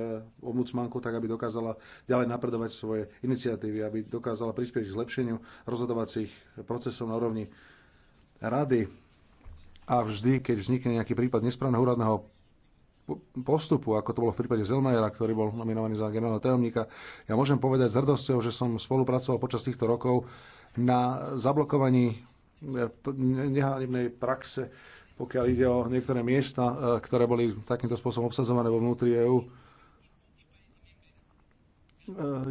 ombudsmanku tak, aby dokázala ďalej napredovať svoje iniciatívy, aby dokázala prispieť k zlepšeniu rozhodovacích procesov na úrovni rady. A vždy, keď vznikne nejaký prípad nesprávneho úradného postupu, ako to bolo v prípade Zelmajera, ktorý bol nominovaný za generálneho tajomníka. Ja môžem povedať s hrdosťou, že som spolupracoval počas týchto rokov na zablokovaní e, nehanebnej praxe pokiaľ ide o niektoré miesta, e, ktoré boli takýmto spôsobom obsadzované vo vnútri EÚ, e,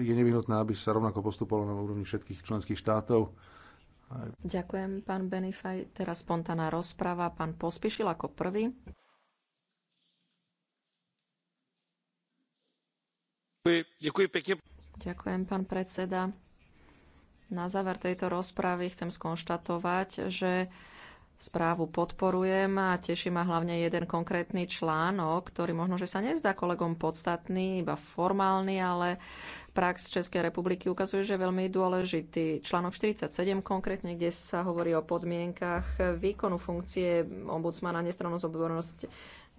je nevyhnutné, aby sa rovnako postupovalo na úrovni všetkých členských štátov. Ďakujem, pán Benifaj. Teraz spontánna rozprava. Pán Pospišil ako prvý. Ďakujem, Ďakujem, pán predseda. Na záver tejto rozpravy chcem skonštatovať, že správu podporujem a teší ma hlavne jeden konkrétny článok, ktorý možno, že sa nezdá kolegom podstatný, iba formálny, ale prax Českej republiky ukazuje, že je veľmi dôležitý. Článok 47 konkrétne, kde sa hovorí o podmienkach výkonu funkcie ombudsmana, nestrannosť, odbornosť,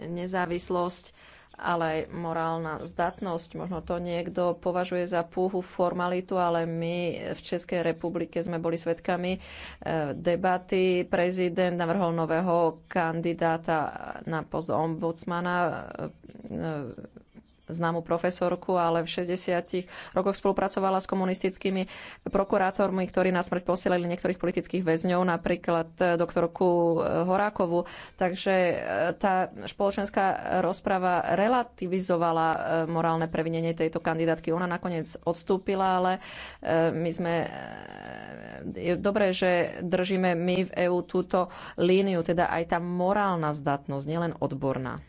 nezávislosť ale aj morálna zdatnosť. Možno to niekto považuje za púhu formalitu, ale my v Českej republike sme boli svedkami e, debaty. Prezident navrhol nového kandidáta na post ombudsmana e, známu profesorku, ale v 60 rokoch spolupracovala s komunistickými prokurátormi, ktorí na smrť posielali niektorých politických väzňov, napríklad e, doktorku e, Horákovu. Takže e, tá spoločenská rozprava relativizovala morálne previnenie tejto kandidátky. Ona nakoniec odstúpila, ale my sme... Je dobré, že držíme my v EÚ túto líniu, teda aj tá morálna zdatnosť, nielen odborná.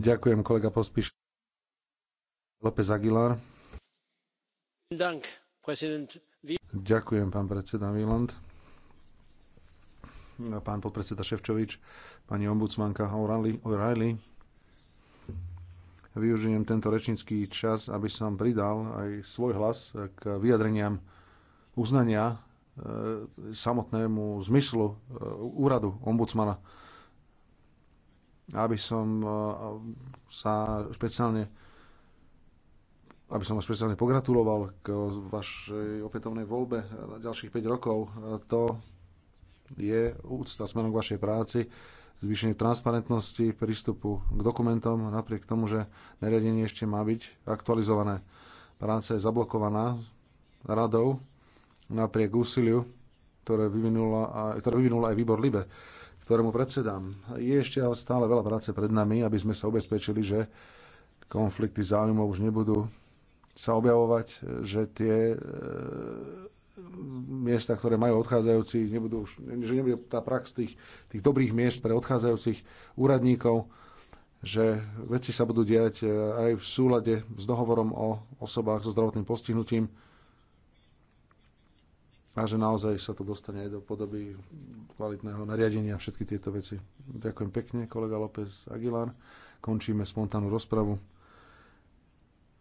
Ďakujem, kolega López Ďakujem, pán predseda Wieland. Pán podpredseda Ševčovič, pani ombudsmanka O'Reilly. Využijem tento rečnícky čas, aby som pridal aj svoj hlas k vyjadreniam uznania e, samotnému zmyslu e, úradu ombudsmana aby som eh, sa špeciálne aby som vás špeciálne pogratuloval k vašej opätovnej voľbe na ďalších 5 rokov. To je úcta smerom k vašej práci, zvýšenie transparentnosti, prístupu k dokumentom, napriek tomu, že nariadenie ešte má byť aktualizované. Práca je zablokovaná radou napriek úsiliu, ktoré, vyvinula, ktoré vyvinul aj výbor LIBE ktorému predsedám. Je ešte ale stále veľa práce pred nami, aby sme sa ubezpečili, že konflikty záujmov už nebudú sa objavovať, že tie e, miesta, ktoré majú odchádzajúci, nebudú, už, že nebude tá prax tých, tých dobrých miest pre odchádzajúcich úradníkov, že veci sa budú diať e, aj v súlade s dohovorom o osobách so zdravotným postihnutím, a že naozaj sa to dostane aj do podoby kvalitného nariadenia a všetky tieto veci. Ďakujem pekne, kolega López Aguilar. Končíme spontánnu rozpravu.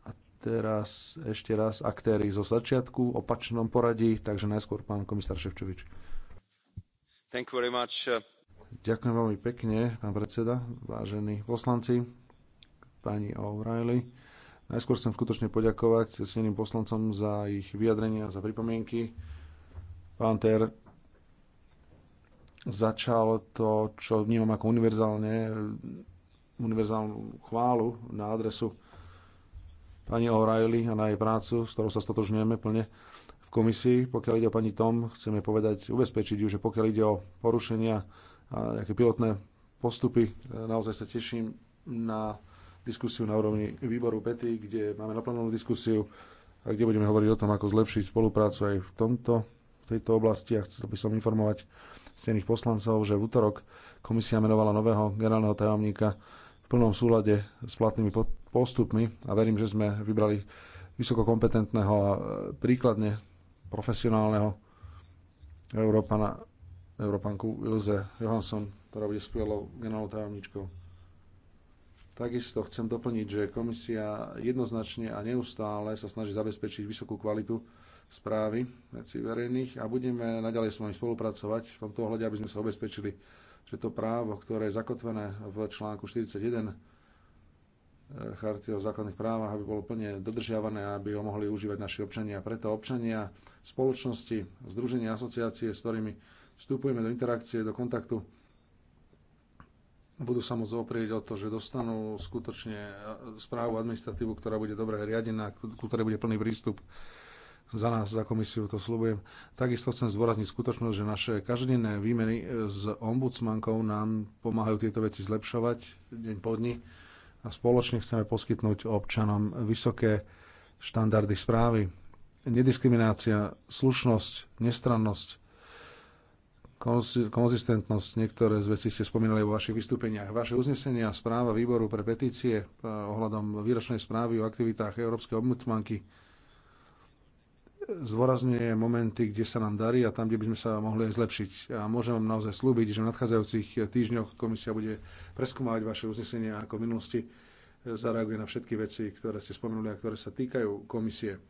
A teraz ešte raz aktéry zo začiatku, opačnom poradí, takže najskôr pán komisár Ševčovič. Thank you very much. Ďakujem veľmi pekne, pán predseda, vážení poslanci, pani O'Reilly. Najskôr chcem skutočne poďakovať cteným poslancom za ich vyjadrenia, za pripomienky. Panter začal to, čo vnímam ako univerzálne, univerzálnu chválu na adresu pani O'Reilly a na jej prácu, s ktorou sa stotožňujeme plne v komisii. Pokiaľ ide o pani Tom, chceme povedať, ubezpečiť ju, že pokiaľ ide o porušenia a nejaké pilotné postupy, e, naozaj sa teším na diskusiu na úrovni výboru pety, kde máme naplnenú diskusiu a kde budeme hovoriť o tom, ako zlepšiť spoluprácu aj v tomto tejto oblasti a chcel by som informovať stených poslancov, že v útorok komisia menovala nového generálneho tajomníka v plnom súlade s platnými postupmi a verím, že sme vybrali vysokokompetentného a príkladne profesionálneho Európana, Európanku Ilze Johansson, ktorá bude skvelou generálnou tajomníčkou. Takisto chcem doplniť, že komisia jednoznačne a neustále sa snaží zabezpečiť vysokú kvalitu správy veci verejných a budeme naďalej s vami spolupracovať v tomto ohľade, aby sme sa obezpečili, že to právo, ktoré je zakotvené v článku 41 eh, Charty o základných právach, aby bolo plne dodržiavané a aby ho mohli užívať naši občania. Preto občania, spoločnosti, združenia, asociácie, s ktorými vstupujeme do interakcie, do kontaktu, budú sa môcť oprieť o to, že dostanú skutočne eh, správu, administratívu, ktorá bude dobre riadená, ku ktorej bude plný prístup za nás, za komisiu, to slúbujem. Takisto chcem zdôrazniť skutočnosť, že naše každodenné výmeny s ombudsmankou nám pomáhajú tieto veci zlepšovať deň po dni a spoločne chceme poskytnúť občanom vysoké štandardy správy. Nediskriminácia, slušnosť, nestrannosť, konzistentnosť, niektoré z vecí ste spomínali vo vašich vystúpeniach. Vaše uznesenia a správa výboru pre petície eh, ohľadom výročnej správy o aktivitách Európskej ombudsmanky zvorazňuje momenty, kde sa nám darí a tam, kde by sme sa mohli aj zlepšiť. A môžem vám naozaj slúbiť, že v nadchádzajúcich týždňoch komisia bude preskúmať vaše uznesenia ako v minulosti zareaguje na všetky veci, ktoré ste spomenuli a ktoré sa týkajú komisie.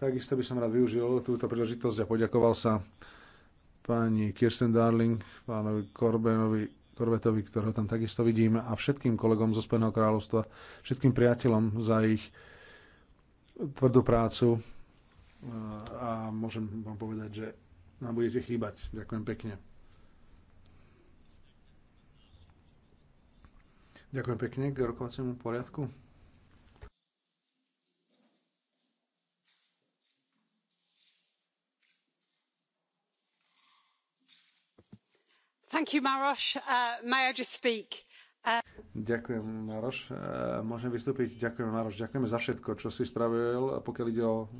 Takisto by som rád využil túto príležitosť a poďakoval sa pani Kirsten Darling, pánovi Korbenovi Korbetovi, ktorého tam takisto vidím, a všetkým kolegom zo Spojeného kráľovstva, všetkým priateľom za ich tvrdú prácu, a môžem vám povedať, že nám budete chýbať. Ďakujem pekne. Ďakujem pekne k rokovaciemu poriadku. Thank You, Maroš. Uh, may I just uh... Ďakujem, Maroš. Uh, môžem vystúpiť. Ďakujem, Maroš. Ďakujeme za všetko, čo si spravil, pokiaľ ide o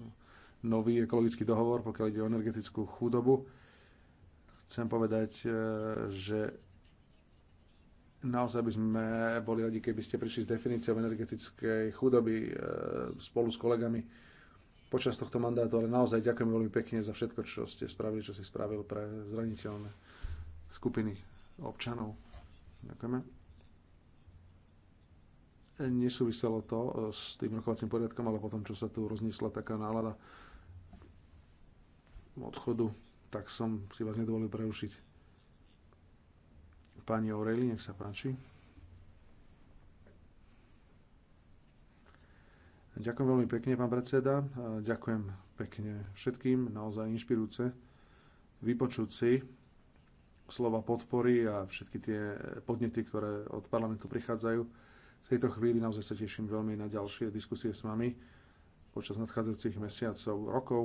nový ekologický dohovor, pokiaľ ide o energetickú chudobu. Chcem povedať, e, že naozaj by sme boli radi, keby ste prišli s definíciou energetickej chudoby e, spolu s kolegami počas tohto mandátu, ale naozaj ďakujem veľmi pekne za všetko, čo ste spravili, čo si spravil pre zraniteľné skupiny občanov. Ďakujeme nesúviselo to e, s tým rokovacím poriadkom, ale potom, čo sa tu rozniesla taká nálada odchodu, tak som si vás nedovolil prerušiť. Pani Aureli, nech sa páči. Ďakujem veľmi pekne, pán predseda. Ďakujem pekne všetkým, naozaj inšpirujúce vypočuť si slova podpory a všetky tie podnety, ktoré od parlamentu prichádzajú v tejto chvíli naozaj sa teším veľmi na ďalšie diskusie s vami počas nadchádzajúcich mesiacov, rokov.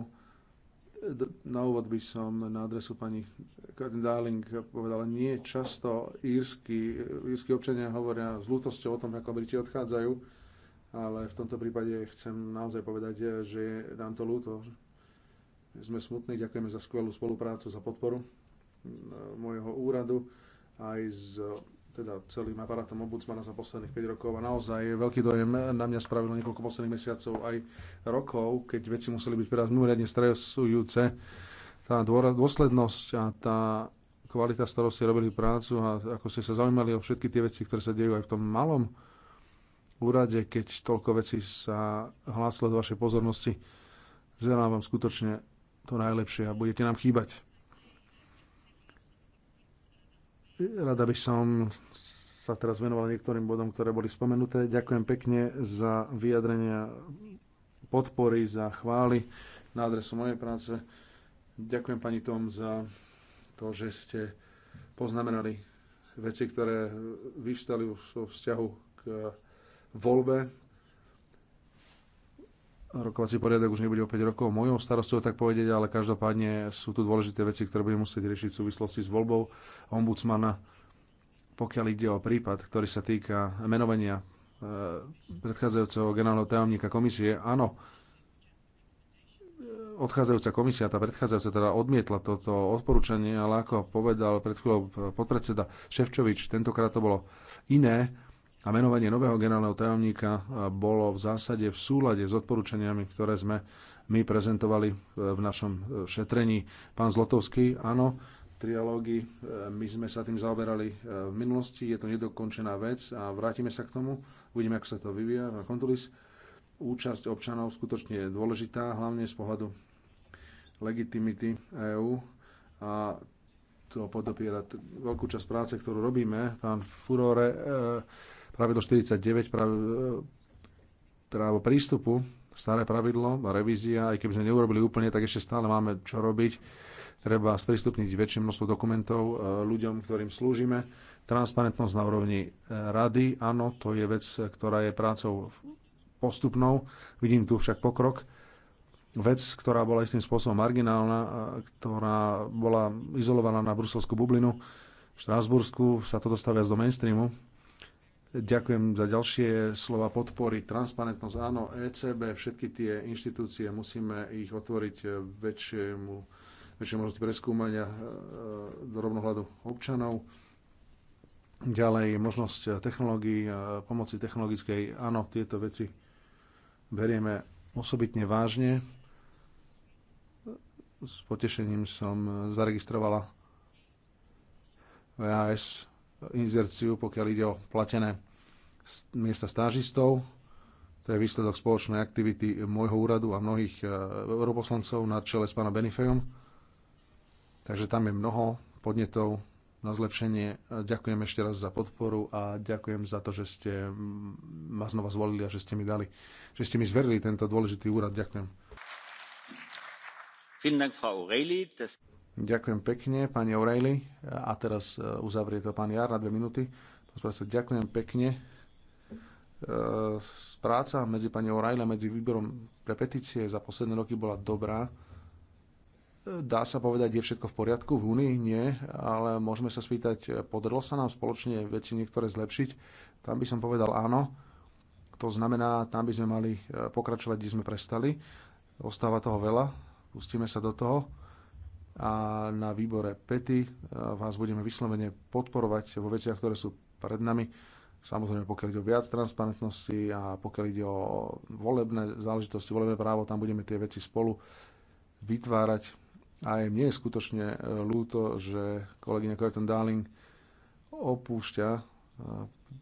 Na úvod by som na adresu pani Karin Darling povedal, nie často írsky, írsky občania hovoria s ľútosťou o tom, ako Briti odchádzajú, ale v tomto prípade chcem naozaj povedať, že nám to ľúto. Sme smutní, ďakujeme za skvelú spoluprácu, za podporu môjho úradu aj s teda celým aparátom ombudsmana za posledných 5 rokov a naozaj veľký dojem na mňa spravilo niekoľko posledných mesiacov aj rokov, keď veci museli byť teraz mimoriadne stresujúce. Tá dôslednosť a tá kvalita starosti robili prácu a ako ste sa zaujímali o všetky tie veci, ktoré sa dejú aj v tom malom úrade, keď toľko vecí sa hlásilo do vašej pozornosti, želám vám skutočne to najlepšie a budete nám chýbať. Rada by som sa teraz venoval niektorým bodom, ktoré boli spomenuté. Ďakujem pekne za vyjadrenia podpory, za chvály na adresu mojej práce. Ďakujem pani Tom za to, že ste poznamenali veci, ktoré vyvstali vo vzťahu k voľbe rokovací poriadok už nebude o 5 rokov mojou starostou, tak povedať, ale každopádne sú tu dôležité veci, ktoré budeme musieť riešiť v súvislosti s voľbou ombudsmana, pokiaľ ide o prípad, ktorý sa týka menovania e, predchádzajúceho generálneho tajomníka komisie. Áno, odchádzajúca komisia, tá predchádzajúca teda odmietla toto odporúčanie, ale ako povedal pred chvíľou podpredseda Ševčovič, tentokrát to bolo iné a menovanie nového generálneho tajomníka e, bolo v zásade v súlade s odporúčaniami, ktoré sme my prezentovali e, v našom e, šetrení. Pán Zlotovský, áno, trialógy, my sme sa tým zaoberali v minulosti, je to nedokončená vec a vrátime sa k tomu, uvidíme, ako sa to vyvíja na kontulis. Účasť občanov skutočne je dôležitá, hlavne z pohľadu legitimity EÚ a to podopiera veľkú časť práce, ktorú robíme. Pán Furore, e Pravidlo 49, právo prístupu, staré pravidlo, revízia, aj keby sme neurobili úplne, tak ešte stále máme čo robiť. Treba sprístupniť väčšie množstvo dokumentov e, ľuďom, ktorým slúžime. Transparentnosť na úrovni e, rady, áno, to je vec, ktorá je prácou postupnou. Vidím tu však pokrok vec, ktorá bola istým spôsobom marginálna, e, ktorá bola izolovaná na bruselskú bublinu. V Štrásbursku sa to dostavia do mainstreamu. Ďakujem za ďalšie slova podpory. Transparentnosť, áno, ECB, všetky tie inštitúcie musíme ich otvoriť väčšiemu, väčšie možnosti preskúmania do e, e, rovnohľadu občanov. Ďalej možnosť technológií, e, pomoci technologickej, áno, tieto veci berieme osobitne vážne. S potešením som zaregistrovala VAS inzerciu, pokiaľ ide o platené miesta stážistov. To je výsledok spoločnej aktivity môjho úradu a mnohých e, europoslancov na čele s pánom Benifejom. Takže tam je mnoho podnetov na zlepšenie. Ďakujem ešte raz za podporu a ďakujem za to, že ste ma znova zvolili a že ste mi dali, že ste mi zverili tento dôležitý úrad. Ďakujem. Ďakujem pekne, pani O'Reilly. A teraz e, uzavrie to pán Jar na dve minúty. Ďakujem pekne. E, práca medzi pani O'Reilly a medzi výborom pre petície za posledné roky bola dobrá. E, dá sa povedať, je všetko v poriadku v Únii? Nie, ale môžeme sa spýtať, podarilo sa nám spoločne veci niektoré zlepšiť? Tam by som povedal áno. To znamená, tam by sme mali pokračovať, kde sme prestali. Ostáva toho veľa. Pustíme sa do toho a na výbore PETY e, vás budeme vyslovene podporovať vo veciach, ktoré sú pred nami. Samozrejme, pokiaľ ide o viac transparentnosti a pokiaľ ide o volebné záležitosti, volebné právo, tam budeme tie veci spolu vytvárať. Aj mne je skutočne e, ľúto, že kolegyňa Curtin Darling opúšťa e,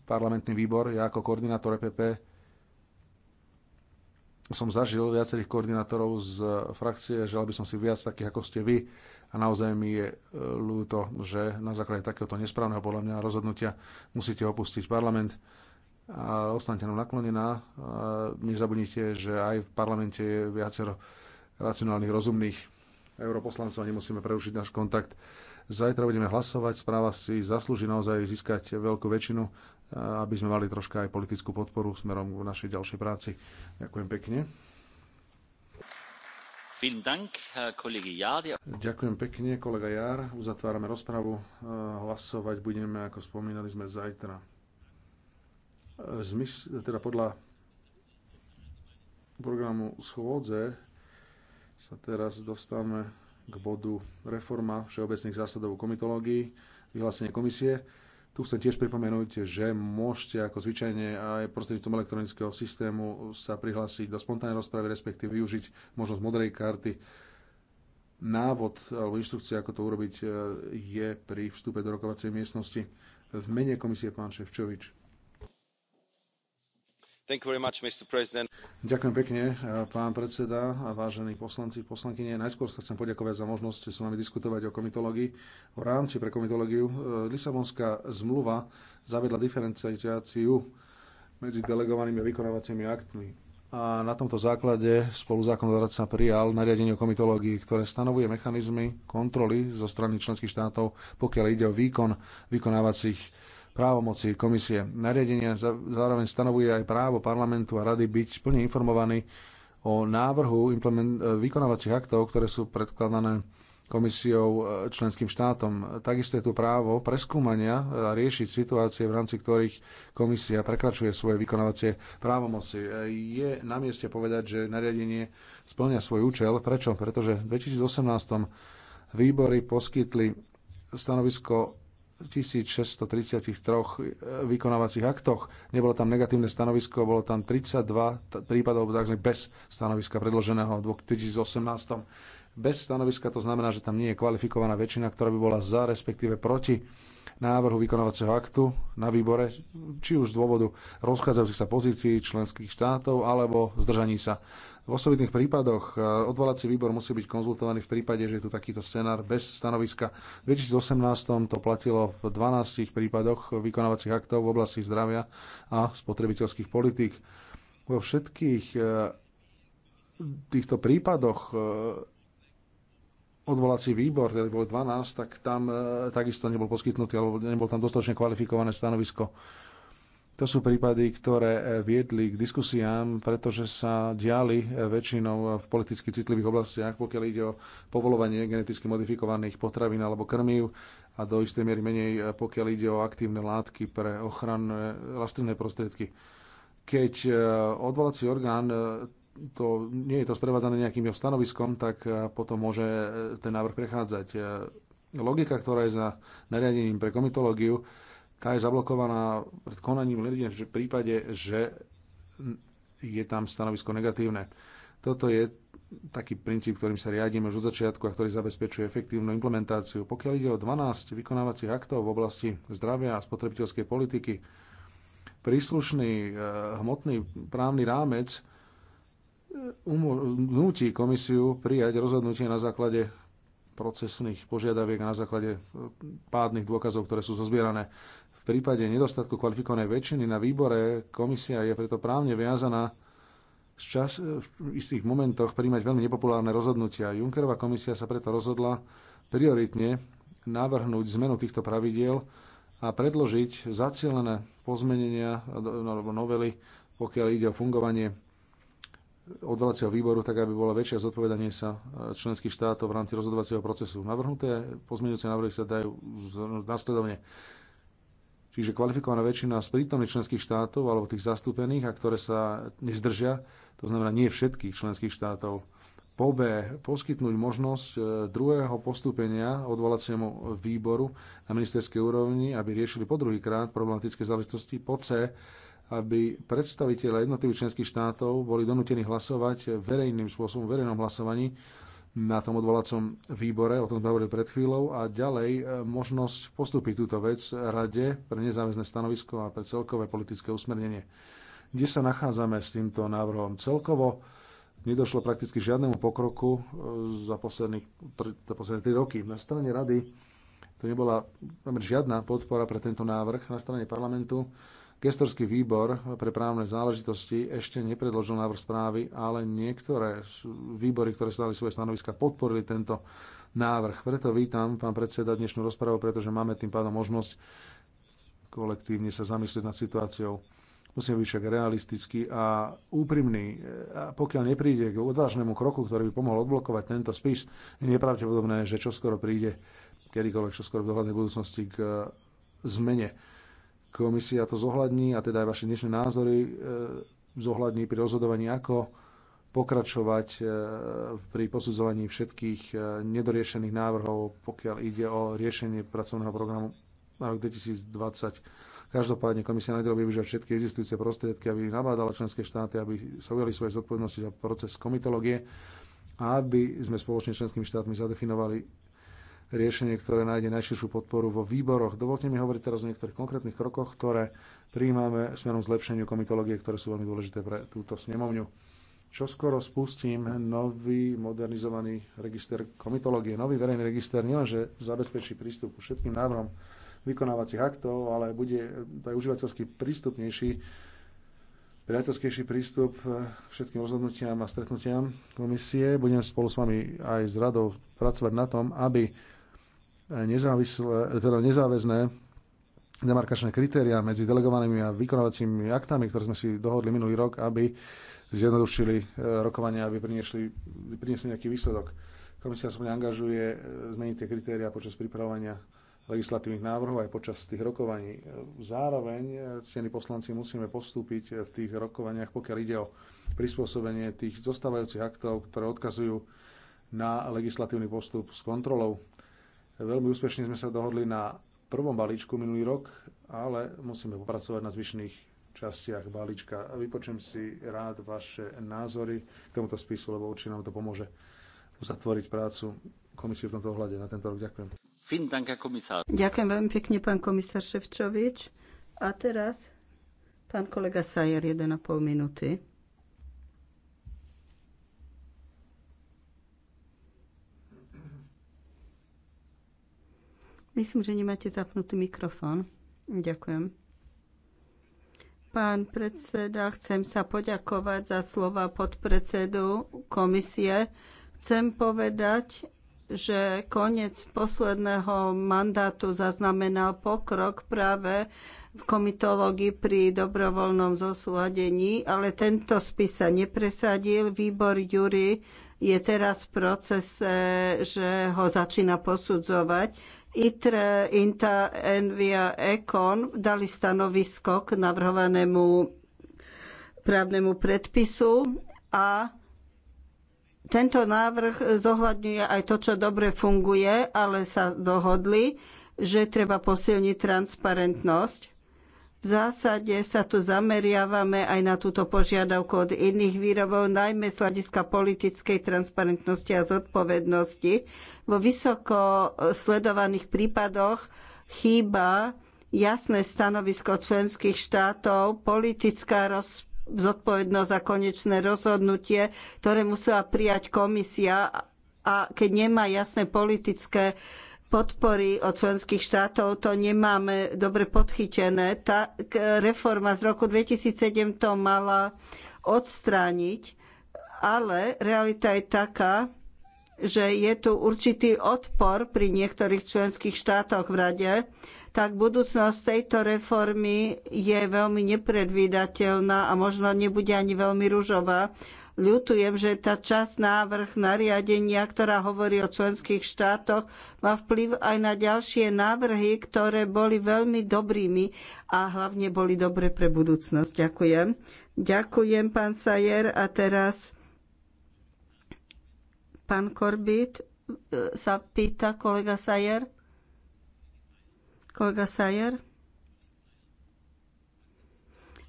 parlamentný výbor. Ja ako koordinátor EPP som zažil viacerých koordinátorov z frakcie, želal by som si viac takých, ako ste vy. A naozaj mi je e, ľúto, že na základe takéhoto nesprávneho podľa mňa rozhodnutia musíte opustiť parlament a ostanete nám naklonená. Nezabudnite, že aj v parlamente je viacero racionálnych, rozumných europoslancov a nemusíme preušiť náš kontakt. Zajtra budeme hlasovať, správa si zaslúži naozaj získať veľkú väčšinu aby sme mali troška aj politickú podporu smerom k našej ďalšej práci. Ďakujem pekne. Ďakujem pekne, kolega Jár. Uzatvárame rozpravu. Hlasovať budeme, ako spomínali sme, zajtra. E, zmys, teda podľa programu schôdze sa teraz dostávame k bodu reforma všeobecných zásadov komitológií, vyhlásenie komisie. Tu chcem tiež pripomenúť, že môžete ako zvyčajne aj prostredníctvom elektronického systému sa prihlásiť do spontánnej rozpravy, respektíve využiť možnosť modrej karty. Návod alebo inštrukcia, ako to urobiť, je pri vstupe do rokovacej miestnosti. V mene komisie pán Ševčovič. Ďakujem pekne, eh, pán predseda a vážení poslanci, poslankyne. Najskôr sa chcem poďakovať za možnosť s vami diskutovať o komitológii, o rámci pre komitológiu. Eh, Lisabonská zmluva zavedla diferenciáciu medzi delegovanými a vykonávacími aktmi. A na tomto základe zákonodárca prijal nariadenie o komitológii, ktoré stanovuje mechanizmy kontroly zo strany členských štátov, pokiaľ ide o výkon vykonávacích právomoci komisie. Nariadenie zároveň stanovuje aj právo parlamentu a rady byť plne informovaný o návrhu vykonávacích aktov, ktoré sú predkladané komisiou e, členským štátom. Takisto je tu právo preskúmania a riešiť situácie, v rámci ktorých komisia prekračuje svoje vykonávacie právomoci. E, je na mieste povedať, že nariadenie splňa svoj účel. Prečo? Pretože v 2018 výbory poskytli stanovisko 1633 vykonávacích aktoch. Nebolo tam negatívne stanovisko, bolo tam 32 prípadov, takže bez stanoviska predloženého v 2018. Bez stanoviska to znamená, že tam nie je kvalifikovaná väčšina, ktorá by bola za, respektíve proti návrhu vykonávacieho aktu na výbore, či už z dôvodu rozchádzajúcich sa pozícií členských štátov alebo zdržaní sa. V osobitných prípadoch e, odvolací výbor musí byť konzultovaný v prípade, že je tu takýto scenár bez stanoviska. V 2018 to platilo v 12 prípadoch vykonávacích aktov v oblasti zdravia a spotrebiteľských politík. Vo všetkých e, týchto prípadoch e, odvolací výbor, teda bol 12, tak tam e, takisto nebol poskytnutý, alebo nebol tam dostatočne kvalifikované stanovisko. To sú prípady, ktoré e, viedli k diskusiám, pretože sa diali e, väčšinou v politicky citlivých oblastiach, pokiaľ ide o povolovanie geneticky modifikovaných potravín alebo krmív a do istej miery menej, pokiaľ ide o aktívne látky pre ochranné rastlinné prostriedky. Keď odvolací orgán to, nie je to sprevádzané nejakým jeho stanoviskom, tak e, potom môže e, ten návrh prechádzať. E, logika, ktorá je za nariadením pre komitológiu, tá je zablokovaná pred konaním len v prípade, že je tam stanovisko negatívne. Toto je taký princíp, ktorým sa riadíme už od začiatku a ktorý zabezpečuje efektívnu implementáciu. Pokiaľ ide o 12 vykonávacích aktov v oblasti zdravia a spotrebiteľskej politiky, príslušný hmotný právny rámec nutí komisiu prijať rozhodnutie na základe procesných požiadaviek a na základe e, pádnych dôkazov, ktoré sú zozbierané. V prípade nedostatku kvalifikovanej väčšiny na výbore komisia je preto právne viazaná z čas, v istých momentoch príjmať veľmi nepopulárne rozhodnutia. Junckerová komisia sa preto rozhodla prioritne navrhnúť zmenu týchto pravidiel a predložiť zacielené pozmenenia alebo novely, pokiaľ ide o fungovanie odvolacieho výboru, tak aby bola väčšia zodpovedanie sa e, členských štátov v rámci rozhodovacieho procesu. Navrhnuté pozmeňujúce návrhy sa dajú následovne. Čiže kvalifikovaná väčšina z prítomných členských štátov alebo tých zastúpených a ktoré sa nezdržia, to znamená nie všetkých členských štátov. Po B, poskytnúť možnosť e, druhého postúpenia odvolaciemu výboru na ministerskej úrovni, aby riešili po druhýkrát problematické záležitosti. Po C, aby predstaviteľe jednotlivých členských štátov boli donútení hlasovať verejným spôsobom, verejnom hlasovaní na tom odvolacom výbore, o tom sme hovorili pred chvíľou, a ďalej e, možnosť postúpiť túto vec Rade pre nezáväzne stanovisko a pre celkové politické usmernenie. Kde sa nachádzame s týmto návrhom? Celkovo nedošlo prakticky žiadnemu pokroku e, za, za posledné tri roky. Na strane Rady to nebola žiadna podpora pre tento návrh. Na strane parlamentu Gestorský výbor pre právne záležitosti ešte nepredložil návrh správy, ale niektoré výbory, ktoré dali svoje stanoviska, podporili tento návrh. Preto vítam, pán predseda, dnešnú rozpravu, pretože máme tým pádom možnosť kolektívne sa zamyslieť nad situáciou. Musíme byť však realistický a úprimný. A pokiaľ nepríde k odvážnemu kroku, ktorý by pomohol odblokovať tento spis, je nepravdepodobné, že čoskoro príde, kedykoľvek čoskoro v dohľadnej budúcnosti, k e, zmene Komisia to zohľadní a teda aj vaše dnešné názory e, zohľadní pri rozhodovaní, ako pokračovať e, pri posudzovaní všetkých e, nedoriešených návrhov, pokiaľ ide o riešenie pracovného programu na rok 2020. Každopádne komisia nadal využíva všetky existujúce prostriedky, aby nabádala členské štáty, aby sa ujali svoje zodpovednosti za proces komitológie a aby sme spoločne členskými štátmi zadefinovali riešenie, ktoré nájde najširšiu podporu vo výboroch. Dovolte mi hovoriť teraz o niektorých konkrétnych krokoch, ktoré prijímame smerom zlepšeniu komitológie, ktoré sú veľmi dôležité pre túto snemovňu. Čo skoro spustím nový modernizovaný register komitológie. Nový verejný register nielenže zabezpečí prístup ku všetkým návrhom vykonávacích aktov, ale bude aj užívateľsky prístupnejší, priateľskejší prístup k všetkým rozhodnutiam a stretnutiam komisie. Budem spolu s vami aj s radou pracovať na tom, aby nezávislé, teda nezáväzné demarkačné kritéria medzi delegovanými a vykonávacími aktami, ktoré sme si dohodli minulý rok, aby zjednodušili e, rokovania, aby priniesli, priniesli nejaký výsledok. Komisia sa angažuje e, zmeniť tie kritéria počas pripravovania legislatívnych návrhov aj počas tých rokovaní. E, zároveň, ctení poslanci, musíme postúpiť v tých rokovaniach, pokiaľ ide o prispôsobenie tých zostávajúcich aktov, ktoré odkazujú na legislatívny postup s kontrolou Veľmi úspešne sme sa dohodli na prvom balíčku minulý rok, ale musíme popracovať na zvyšných častiach balíčka. Vypočujem si rád vaše názory k tomuto spisu, lebo určite nám to pomôže uzatvoriť prácu komisie v tomto ohľade na tento rok. Ďakujem. Ďakujem veľmi pekne, pán komisár Ševčovič. A teraz pán kolega Sajer, 1,5 minúty. Myslím, že nemáte zapnutý mikrofón. Ďakujem. Pán predseda, chcem sa poďakovať za slova podpredsedu komisie. Chcem povedať, že koniec posledného mandátu zaznamenal pokrok práve v komitológii pri dobrovoľnom zosúladení, ale tento spis sa nepresadil. Výbor Jury je teraz v procese, že ho začína posudzovať ITRE, INTA, ENVIA, ECON dali stanovisko k navrhovanému právnemu predpisu a tento návrh zohľadňuje aj to, čo dobre funguje, ale sa dohodli, že treba posilniť transparentnosť v zásade sa tu zameriavame aj na túto požiadavku od iných výrobov, najmä z hľadiska politickej transparentnosti a zodpovednosti. Vo vysoko sledovaných prípadoch chýba jasné stanovisko členských štátov, politická roz zodpovednosť za konečné rozhodnutie, ktoré musela prijať komisia a keď nemá jasné politické podpory od členských štátov to nemáme dobre podchytené. Tá reforma z roku 2007 to mala odstrániť, ale realita je taká, že je tu určitý odpor pri niektorých členských štátoch v rade, tak budúcnosť tejto reformy je veľmi nepredvídateľná a možno nebude ani veľmi ružová. Ľutujem, že tá časť návrh nariadenia, ktorá hovorí o členských štátoch, má vplyv aj na ďalšie návrhy, ktoré boli veľmi dobrými a hlavne boli dobre pre budúcnosť. Ďakujem. Ďakujem, pán Sajer. A teraz pán Korbit e, sa pýta, kolega Sajer. Kolega Sajer.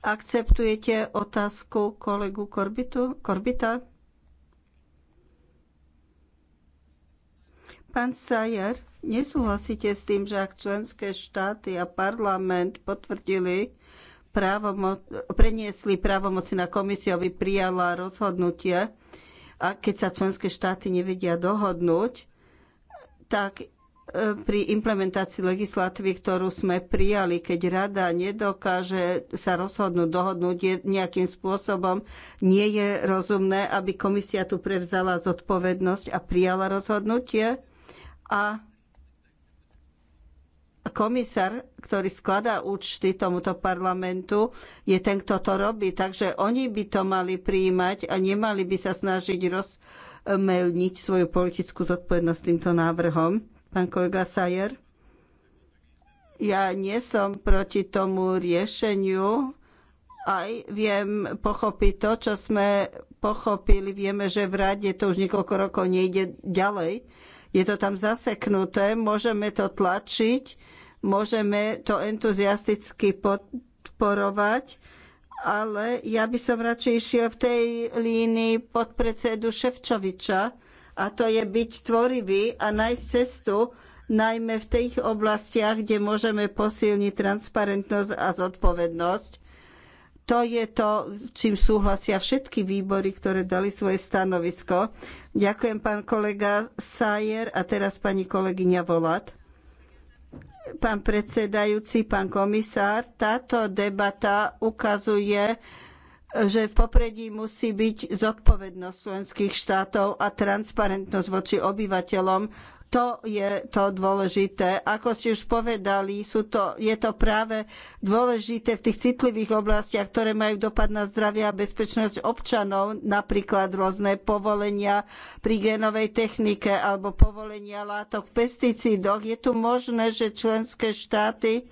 Akceptujete otázku kolegu Korbitu, Korbita? Pán Sajer, nesúhlasíte s tým, že ak členské štáty a parlament potvrdili právomo- preniesli právomoci na komisiu, aby prijala rozhodnutie, a keď sa členské štáty nevedia dohodnúť, tak pri implementácii legislatívy, ktorú sme prijali, keď rada nedokáže sa rozhodnúť, dohodnúť nejakým spôsobom, nie je rozumné, aby komisia tu prevzala zodpovednosť a prijala rozhodnutie. A komisár, ktorý skladá účty tomuto parlamentu, je ten, kto to robí. Takže oni by to mali prijímať a nemali by sa snažiť rozmelniť svoju politickú zodpovednosť týmto návrhom Pán kolega Sajer. Ja nie som proti tomu riešeniu. Aj viem pochopiť to, čo sme pochopili. Vieme, že v rade to už niekoľko rokov nejde ďalej. Je to tam zaseknuté, môžeme to tlačiť, môžeme to entuziasticky podporovať, ale ja by som radšej išiel v tej línii podpredsedu Ševčoviča, a to je byť tvorivý a nájsť cestu, najmä v tých oblastiach, kde môžeme posilniť transparentnosť a zodpovednosť. To je to, čím súhlasia všetky výbory, ktoré dali svoje stanovisko. Ďakujem, pán kolega Sajer a teraz pani kolegyňa Volat pán predsedajúci, pán komisár, táto debata ukazuje že v popredí musí byť zodpovednosť členských štátov a transparentnosť voči obyvateľom. To je to dôležité. Ako ste už povedali, sú to, je to práve dôležité v tých citlivých oblastiach, ktoré majú dopad na zdravie a bezpečnosť občanov, napríklad rôzne povolenia pri génovej technike alebo povolenia látok v pesticídoch. Je tu možné, že členské štáty